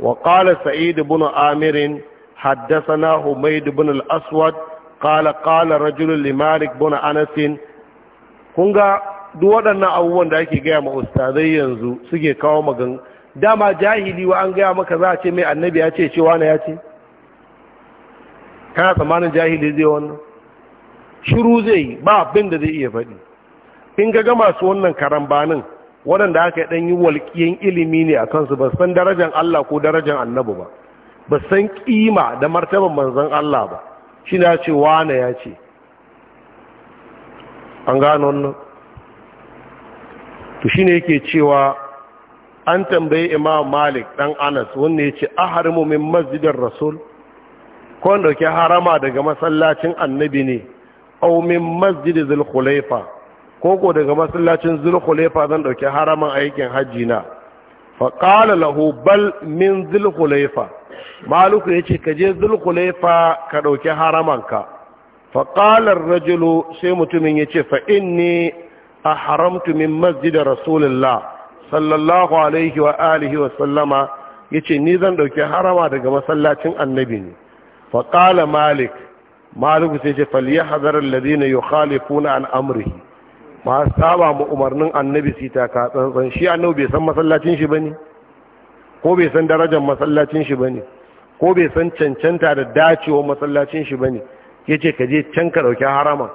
wa ƙala sa'id bin amirin حدثنا حميد بن الأسود قال قال رجل لمالك بن أنس كنغا duk waɗannan abubuwan da ake gaya ma ustazai yanzu suke kawo magan dama jahili wa an gaya maka za a ce mai annabi ya ce cewa na ya ce kana tsammanin jahili zai wannan shiru zai yi ba abin da zai iya faɗi in ga gama su wannan karambanin waɗanda aka yi ɗan yi walƙiyan ilimi ne a kansu ba san darajar Allah ko darajar annabi ba ba san ƙima da martaban manzan Allah ba shi na ce wane ya ce an gano wannan to shine yake cewa an tambayi imam malik dan anas wanda ya ce a harimu min masjidar rasul ko wanda ke harama daga masallacin annabi ne au min masjidin zulkulaifa ko ko daga masallacin zulkulaifa zan dauki haraman aikin hajji na qala lahu bal min zulkulaifa maluku ya ce ka je zulkulaifa ka dauki haramanka faƙalar rajulu sai mutumin yace ce inni ne a haramtu min masjidin rasulillah. sallallahu alaihi wa alihi wa sallama yace ni zan ɗauki harama daga masallacin annabi ne fa qala malik malik sai ce fal yahzar alladhina yukhalifuna an amrihi ma saba mu umarnin annabi sai ta ka tsantsan shi annabi bai san masallacin shi bane ko bai san darajar masallacin shi bane ko bai san cancanta da dacewar masallacin shi bane yace ka je can ka dauki harama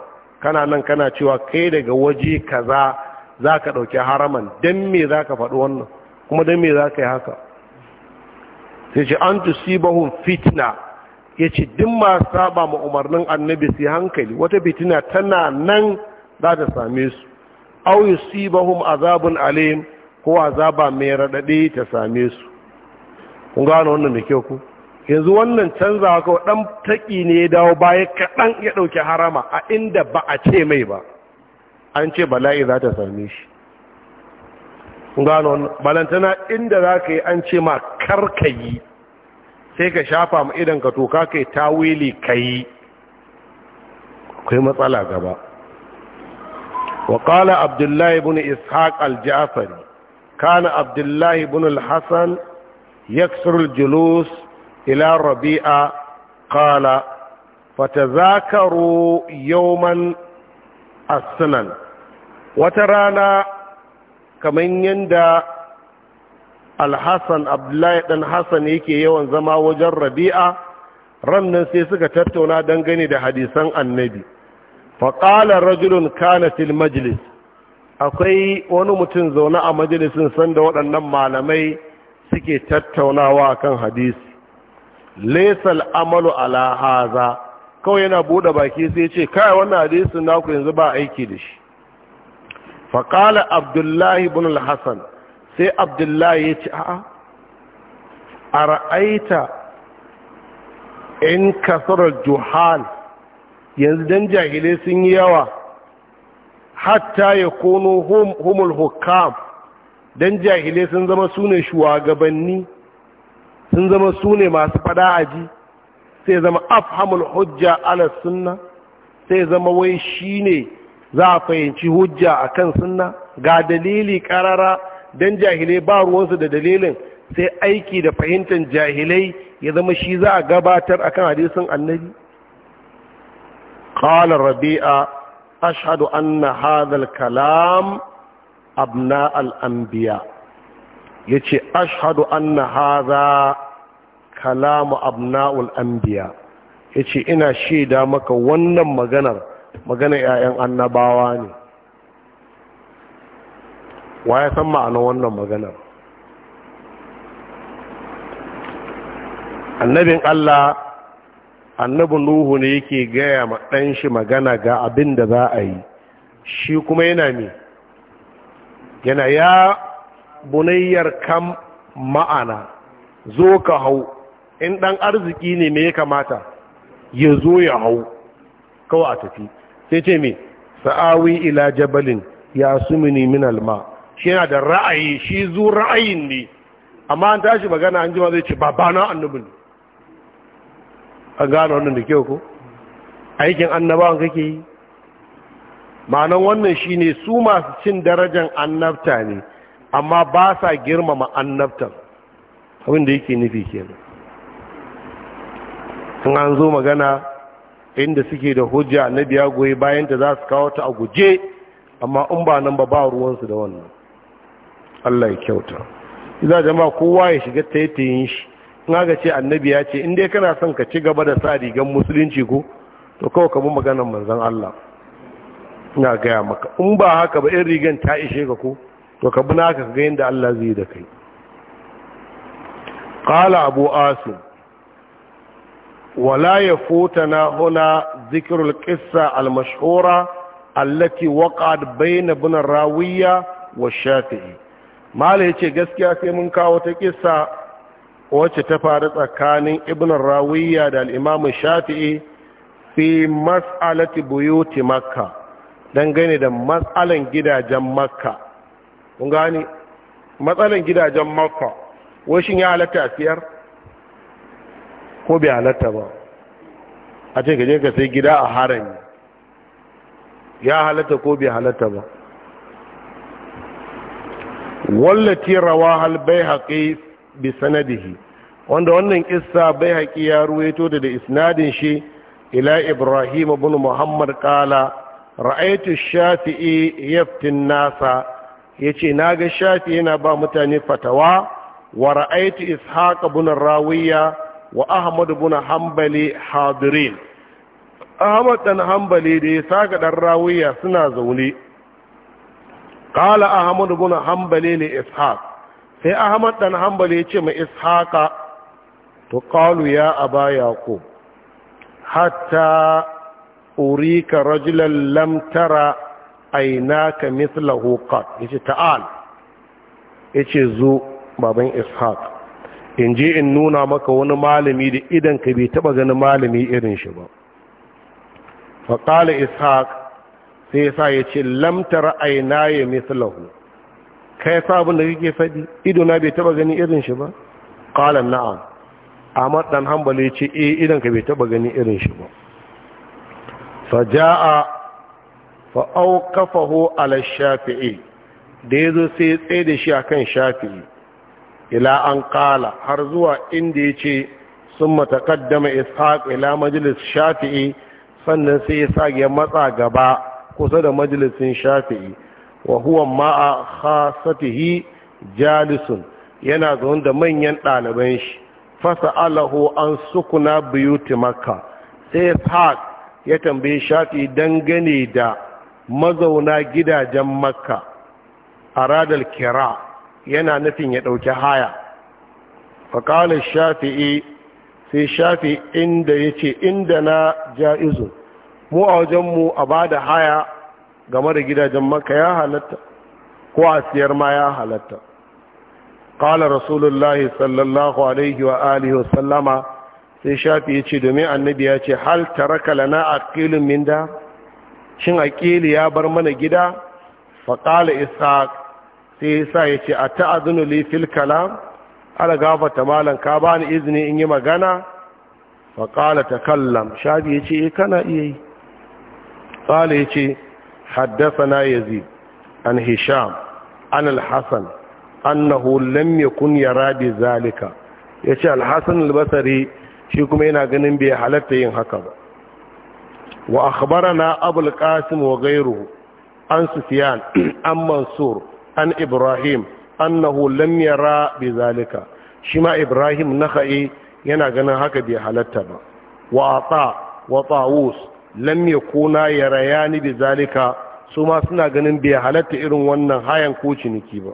kana nan kana cewa kai daga waje kaza za ka ɗauki haraman don me za ka faɗi wannan kuma don me za ka yi haka sai ce an tusibahun fitna ya ce din masu saba ma umarnin annabi sai hankali wata fitina tana nan za ta same su au yusibahum azabun alim ko azaba mai raɗaɗe ta same su kun gano wannan da kyau ku yanzu wannan canza kawai ɗan taƙi ne ya dawo baya kaɗan ya ɗauki harama a inda ba a ce mai ba an ce bala'i za ta same shi gano balantana inda za ka yi an ce ma karkayi sai ka shafa ma idan ka toka ka yi ta ka yi kai matsala gaba wa kala abdullahi bin ishaq al kana abdullahi bin al-hasan yaksuru julus ila rabi'a kala fata zakaru yawman as-sunan wata rana kamar yadda alhassan abdullahi dan hassan yake yawan zama wajen rabi'a rannan sai suka tattauna dangane da hadisan annabi faƙalar rajulun kana fil majalis, akwai wani mutum zaune a majalisun sanda waɗannan malamai suke tattaunawa kan hadisi laisal amalu ala haza kawai yana buɗe baki sai ce kai wannan hadisin naku yanzu ba aiki da shi faƙala abdullahi bin hassan sai abdullahi ya ce a a ra'aita in kasarar juhal yanzu don jahilai sun yi yawa hatta ya kono humul hukam dan jahilai sun zama sune shugabanni sun zama sune masu fada sai zama afhamul hujja ala sunna sai zama wai shine ne za a fahimci hujja a kan sunna ga dalili karara don jahilai ba ruwansu da dalilin sai aiki da fahimtar jahilai ya zama shi za a gabatar a kan hadisun annabi ƙalar rabi'a ashadu na hadal kalam abna al'ambiya ya ce ashadu na haza kalamu abna al'ambiya ya ce ina shaida maka wannan maganar magana 'ya'yan annabawa ne wa ya san ma’ana wannan maganar annabin Allah annabin Nuhu ne yake gaya ma ɗan shi magana ga abin da za a yi shi kuma yana ne yana ya bunayyar kam ma'ana zo ka hau in ɗan arziki ne me ya kamata ya zo ya hau kawai a tafi sai ce me sa'awi ila jabalin ya sumini min alma shi yana da ra'ayi shi zu ra'ayin ne amma an tashi magana an jima zai ce babana annabi ne an gano wannan da kyau ko aikin annabawan kake yi ma'anan wannan shi shine su masu cin darajan annabta ne amma ba sa girmama annabtan abin da yake nufi kenan in an zo magana inda suke da hujja annabi ya goyi bayan da za su kawo ta a guje amma in ba nan ba ba ruwansu da wannan Allah ya kyauta idan jama'a kowa ya shiga yin shi in aka ce annabi ya ce in dai kana son ka ci gaba da sa rigan musulunci ko to kawai ka bi maganar manzon Allah ina gaya maka in ba haka ba in rigan ta ishe ka ko to ka bi naka ga yanda Allah zai yi da kai qala abu asim ولا يفوتنا هنا ذكر القصة المشهورة التي وقعت بين ابن الراوية والشافعي ما ليش جسكي في من كاوة قصة وتتفارق كان ابن الراوية الإمام الشافعي في مسألة بيوت مكة dangane da matsalan gidajen makka kun gani matsalan gidajen makka wai وشين ya halatta ko bai halatta ba a ce ka je ka sai gida a haram ya halatta ko bai halatta ba wallati rawa bai haƙi bi sanadihi wanda wannan kissa bai haƙi ya ruwaito da da isnadin shi ila ibrahim ibn muhammad kala ra'aitu shafi'i yaftin nasa yace ga shafi yana ba mutane fatawa wa ra'aitu ishaq ibn rawiya wa ahmad ibn hanbali hadirin ahmad dan hanbali da saka dan rawiya suna zaune qala ahmad ibn hanbali li ishaq sai ahmad dan hanbali ya ce mai ishaqa to qalu ya aba yaqub hatta urika rajulan lam tara ka mithlahu qat yace ta'al yace zo baban ishaq in je in nuna maka wani malami da idan ka bai taba ganin malami irin shi ba faƙala ishaq sai sa ya ce lamtar aina ya mislahu kai sabon da kake faɗi idona bai taba ganin irin shi ba ƙala na'am ahmad dan hanbali ce eh idan ka bai taba ganin irin shi ba faja'a fa'auqafahu ala shafi'i da yazo sai tsaye da shi akan shafi'i ila an ƙala har zuwa inda ya ce sun matakaddama ishaq ila majalis shafi'i sannan sai ishaq ya matsa gaba kusa da majalisin shafi'i wa huwa ma'a khasatihi jalisun yana zaune da manyan ɗaliban shi fasa alahu an sukuna biyuti makka sai ishaq ya tambaye shafi'i dangane da mazauna gidajen makka a radar kira yana nufin ya ɗauki haya faƙalar shafi'i sai shafi inda ya ce inda na ja'izu mu a wajenmu a ba da haya game da gidajen maka ya halatta ko a siyar ma ya halatta ƙalar rasulullahi sallallahu alaihi wa alihi wasallama sai shafi ya ce domin annabi ya ce hal taraka lana a min da shin aqili ya bar mana gida faƙalar isa. sai sa ya ce a ta'azinu li fil kalam ala gafata malam ka bani izini in yi magana fa qala takallam shabi ya ce eh, kana iya yi qala ya ce haddathana yazid an hisham an al-hasan annahu lam yakun yara bi zalika yace al-hasan al-basri shi kuma yana ganin bai halatta yin haka ba wa akhbarana abul qasim wa ghayruhu an sufyan an mansur an ibrahim annahu lam yara bi zalika shi ma ibrahim nakhai yana ganin haka bai halatta ba wa ata wa tawus lam yakuna yarayani bi zalika su ma suna ganin bai halatta irin wannan hayan ko ciniki ba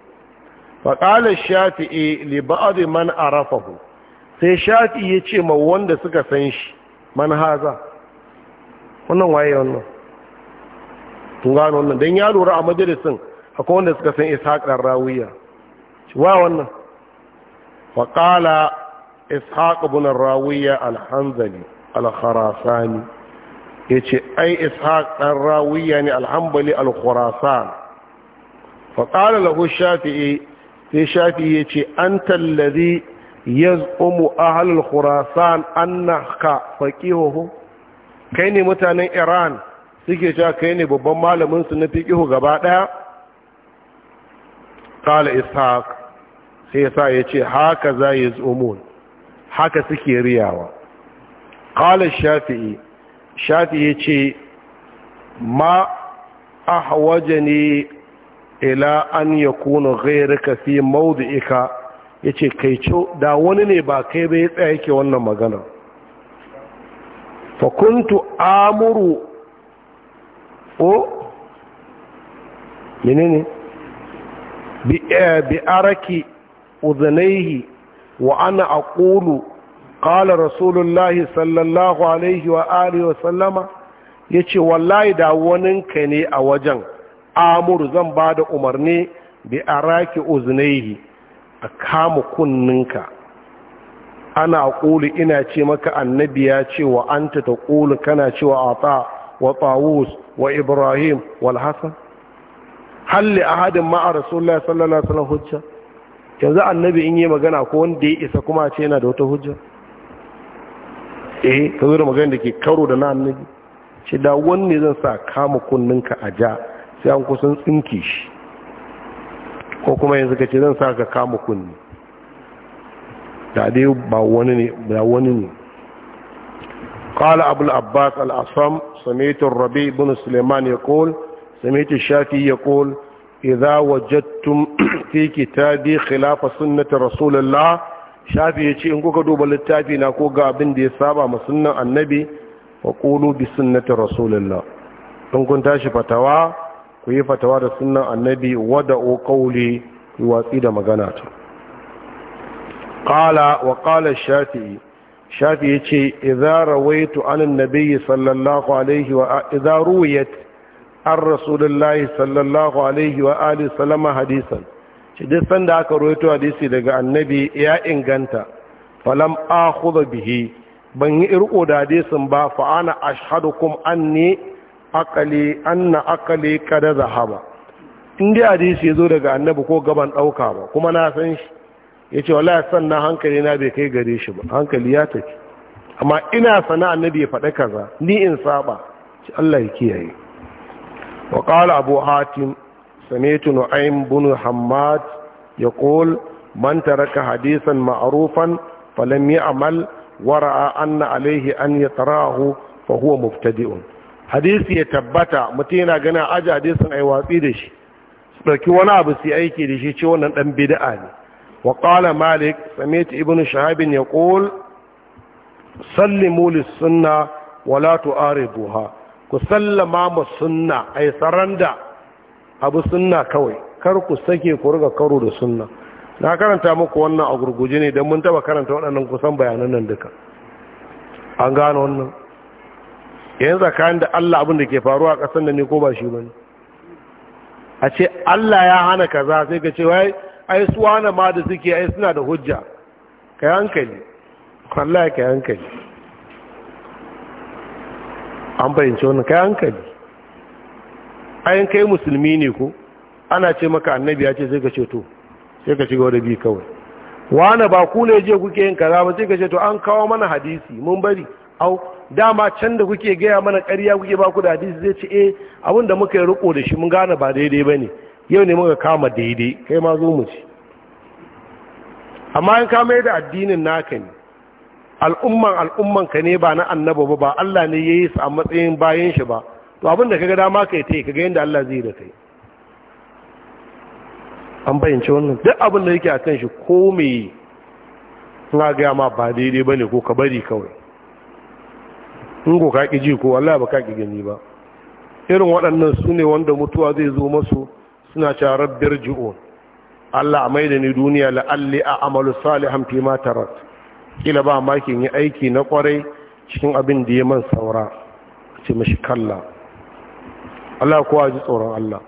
fa qala shafi'i li ba'd man arafahu sai shafi'i yace ma wanda suka san shi man haza wannan waye wannan tun gano wannan dan ya lura a majalisin akwai wanda suka san ishaq ɗan rawiya wa wannan faƙala ishaq ibn rawiya al-hanbali al ya ce ai ishaq ɗan rawiya ne alhambali fa faƙala lahu shafi'i sai shafi'i yace anta alladhi yazumu yaz'umu ahlul khurasan annaka faqihuhu kai ne mutanen iran suke cewa kai ne babban malamin su na fiqihu gaba daya kala ishaq sai ya yace haka za yuzumun haka suke riyawa kala shafi'i shafi'i yace ma ne ila an yakunu ghayruka fi ya yace kai co da wani ne ba kai bai tsaye ke wannan magana fakuntu amuru o oh, menene Eh, bi araki uzunaihi wa ana aqulu qala rasulullahi sallallahu alaihi wa alihi wa sallama yace wallahi da ka ne a wajen amur zan ba da umarni bi araki uzunaihi a kama kunninka ana ƙuli ina ce maka annabi ya ce wa anta ta ƙuli kana cewa ata wa tawus wa ibrahim wal hasan halli ahadin ma'a rasulullah sallallahu alaihi wasallam hujja yanzu annabi in yi magana ko wanda ya isa kuma ce yana da wata hujja eh ka zo da magana da ke karo da na annabi ce da wanne zan sa kama kunninka a ja sai an kusan tsinki shi ko kuma yanzu ka ce zan sa ka kama kunni da dai ba wani ne ba wani ne قال أبو العباس الأصم سميت الربيع بن سليمان يقول سمعت الشافعي يقول إذا وجدتم في كتابي خلاف سنة رسول الله شافعي يجي إن كوكا دوبا للتابي ناكو قابن دي سابع مسنة النبي وقولوا بسنة رسول الله إن كنت أشي فتوى كي فتوى سنة النبي ودعوا قولي يواسيد مغاناته قال وقال الشافعي شافعي يجي إذا رويت عن النبي صلى الله عليه وإذا رويت an rasulullahi sallallahu alaihi wa alihi salama hadisan shi duk sanda aka roito hadisi daga annabi ya inganta falam akhudha bihi ban yi irko da hadisin ba fa ana ashhadukum anni aqali anna aqali kad zahaba in dai hadisi yazo daga annabi ko gaban dauka ba kuma na san shi yace wallahi sannan hankali na bai kai gare shi ba hankali ya tafi amma ina sana annabi ya faɗa kaza ni in saba Allah ya kiyaye وقال أبو حاتم سمعت نعيم بن حماد يقول من ترك حديثا معروفا فلم يعمل ورأى أن عليه أن يقرأه فهو مبتدئ hadisi ya tabbata mutum yana gana aji hadisin ai watsi da shi su ɗauki wani abu su aiki da shi ce wannan ɗan bida'a ne wa ƙala malik samit ibn shabin ya ƙol sallimu lissunna wala ku sallama mu sunna ai saranda abu sunna kawai kar ku sake ku riga karo da sunna na karanta muku wannan a gurguje ne don mun taba karanta waɗannan kusan bayanan nan duka an gano wannan yanzu tsakanin da Allah abin da ke faruwa a ƙasar nan ne ko ba shi bane a ce Allah ya hana kaza sai ka ce wai ai su ma da suke ai suna da hujja kai hankali wallahi kai hankali an bayyance wannan kai hankali ayin kai musulmi ne ko ana ce maka annabi ya ce sai ka ce to sai ka shiga wani bi kawai wani ba ku ne je kuke yin kaza ba sai ka ce to an kawo mana hadisi mun bari au dama can da kuke gaya mana ƙarya kuke ba ku da hadisi zai ce eh abin da muka yi riko da shi mun gane ba daidai ba yau ne muka kama daidai kai ma zo mu ci amma in mai da addinin naka ne al'umman al'umman ka ne ba na annaba ba ba Allah ne ya yi su a matsayin bayan shi ba to abin da kaga dama kai ta yi kaga yadda Allah zai da kai an bayyance wannan duk abin da yake a kan shi ko me na gaya ma ba daidai ba ne ko ka bari kawai in ko ka ji ko Allah ba ka ƙi gani ba irin waɗannan su ne wanda mutuwa zai zo masu suna cewa rabbir ji'un Allah a da ni duniya la'alli a amalu salihan fi ma tarat kila ba makin yi aiki na kwarai cikin abin da ya man saura ce mashi kalla Allah kowa ji tsoron Allah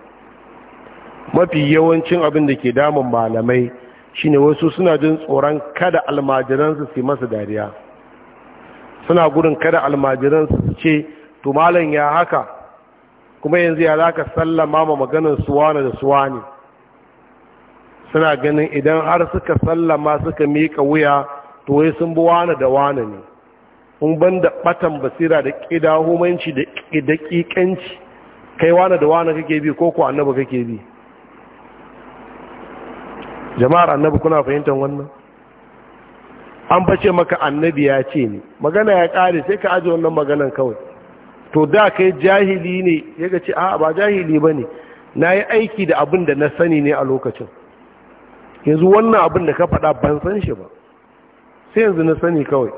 mafi yawancin abin da ke damun malamai shine wasu suna jin tsoron kada almajiransu su masa dariya suna gudun kada almajiransu su ce to malam ya haka kuma yanzu ya zaka sallama ma maganar suwana da suwani suna ganin idan har suka sallama suka miƙa wuya to wai sun bi wane da wane ne in ban da ɓatan basira da ƙidahumanci da ƙidaƙiƙanci kai wane da wane kake bi ko ku annabi kake bi jama'ar annabi kuna fahimtar wannan an bace maka annabi ya ce ne magana ya ƙare sai ka aji wannan maganan kawai to da kai jahili ne ya ga ce a ba jahili ba ne na yi aiki da abin da na sani ne a lokacin yanzu wannan abin da ka faɗa ban san shi ba sai yanzu na sani kawai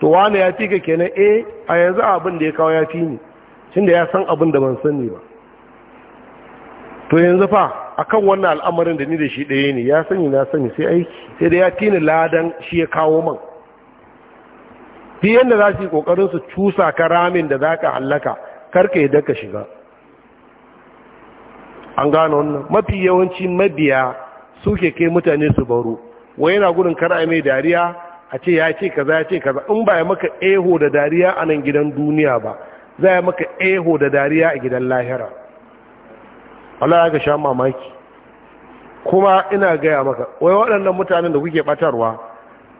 to wane ya fi ka kenan eh a yanzu abin da ya kawo ya fi ni tunda ya san abin da ban sani ba to yanzu fa akan wannan al'amarin da ni da shi ɗaya ne ya sani na sani sai aiki sai da ya fi ni ladan shi ya kawo man fi yadda za su yi kokarin su cusa ka ramin da za ka hallaka karka ya daka shiga an gano wannan mafi yawanci mabiya suke kai mutane su baro wa yana gudun kar a mai dariya a ce ya ce kaza ya ce kaza in ba ya maka eho da dariya a nan gidan duniya ba za ya maka eho da dariya a gidan lahira Allah ya ga sha mamaki kuma ina gaya maka wai waɗannan mutanen da kuke ɓatarwa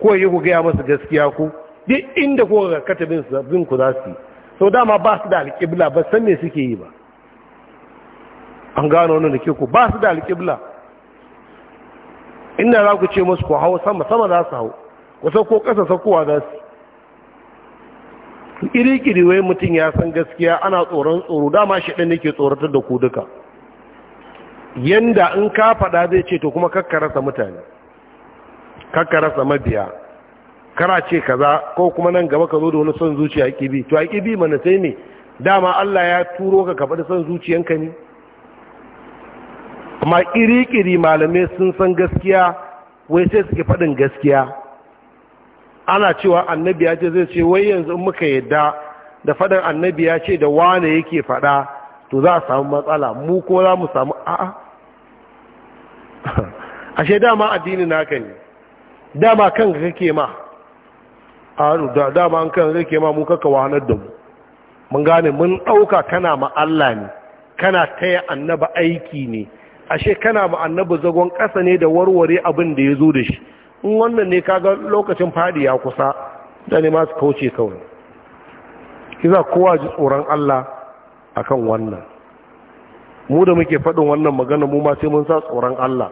ko yi ku gaya masu gaskiya ku duk inda ko ga katabin sabbin ku za su yi sau dama ba su da alƙibla ba san me suke yi ba an gano wani da ke ku ba su da alƙibla inda za ku ce musu ku hau sama sama za su hau ku sauko ƙasa saukowa za su ƙiri wai mutum ya san gaskiya ana tsoron tsoro dama shi ɗan nake tsoratar da ku duka yanda in ka faɗa zai ce to kuma kakkarasa mutane kakkarasa mabiya kara ce kaza ko kuma nan gaba ka zo da wani son zuciya kibi to a kibi mana sai ne dama Allah ya turo ka ka faɗi son zuciyanka ne amma ƙiri malamai sun san gaskiya wai sai suke faɗin gaskiya ana cewa annabi ya ce zai ce wai yanzu in muka yadda da fadan annabi ya ce da wane yake fada to za a samu matsala mu ko za mu samu a'a ashe dama addini naka ne dama kan kake ma a dama an kan kake ma mu kaka wahanar da mu mun gane mun ɗauka kana ma Allah ne kana taya annaba aiki ne ashe kana ma annaba zagon kasa ne da warware abin da ya zo da shi in wannan ne ka ga lokacin fadi ya kusa da ne masu kauce kawai kiza kowa ji tsoron Allah akan wannan mu da muke faɗin wannan magana mu ma sai mun sa tsoron Allah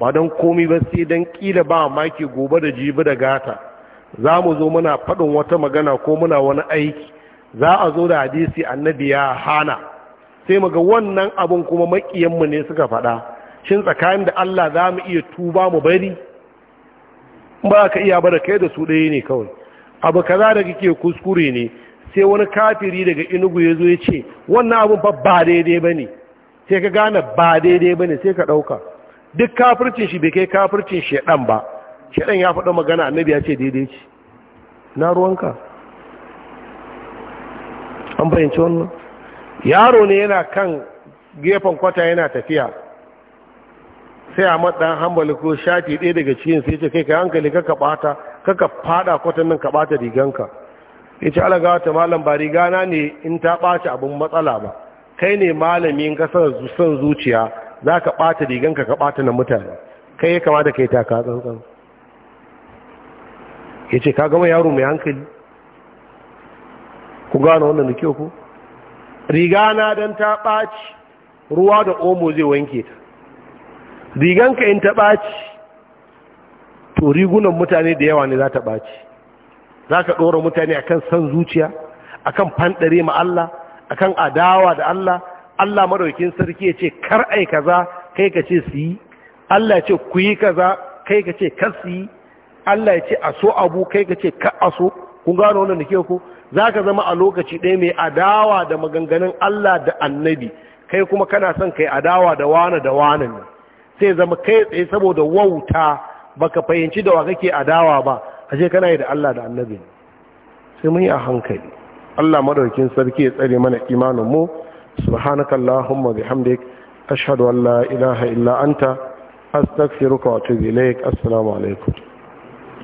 ba don komi ba sai don kila ba maki gobe da jibi da gata za mu zo muna faɗin wata magana ko muna wani aiki za a zo da hadisi annabi ya hana sai mu wannan abin kuma makiyanmu ne suka faɗa shin tsakanin da Allah za mu iya tuba mu bari ba ka iya ba da kai da su ɗaya ne kawai abu ka za da kake kuskure ne sai wani kafiri daga inugu ya zo ya ce wannan abin fa ba daidai ba ne sai ka gane ba daidai ba ne sai ka ɗauka duk kafircin shi bai kai kafircin shaɗan ba shaɗan ya faɗa magana annabi ya ce daidai ce na ruwanka an fahimci wannan yaro ne yana kan gefen kwata yana tafiya sai a maɗan hambali ko shafi ɗaya daga cikin sai ce kai ka hankali ka ka ɓata ka ka faɗa kwatan nan ka ɓata riganka ya ce ala gawata malam ba rigana ne in ta ɓaci abin matsala ba kai ne malami in kasar son zuciya za ka ɓata riganka ka ɓata na mutane kai ya kama da kai ta ka tsantsan ya ce ka gama yaro mai hankali ku gane wannan da kyau ku rigana don ta ɓaci ruwa da omo zai wanke ta riganka in ta ɓaci to rigunan mutane da yawa ne za ta ɓaci za ka ɗora mutane akan san zuciya akan fanɗare ma Allah akan adawa da Allah Allah maɗaukin sarki ya ce kar ai kaza kai ka ce su yi Allah ya ce ku yi kaza kai ka ce kar su yi Allah ya ce a so abu kai ka ce ka a so kun gano wannan da ke ku za ka zama a lokaci ɗaya mai adawa da maganganun Allah da annabi kai kuma kana son kai adawa da wane da wane ne sai zama kai tsaye saboda wauta ba ka fahimci da wa kake adawa ba a ashe kana yi da Allah da annabi sai mun yi a hankali Allah madaukin sarki ya tsare mana imanin mu subhanaka allahumma bihamdik ashhadu an la ilaha illa anta astaghfiruka wa atubu ilaik assalamu alaikum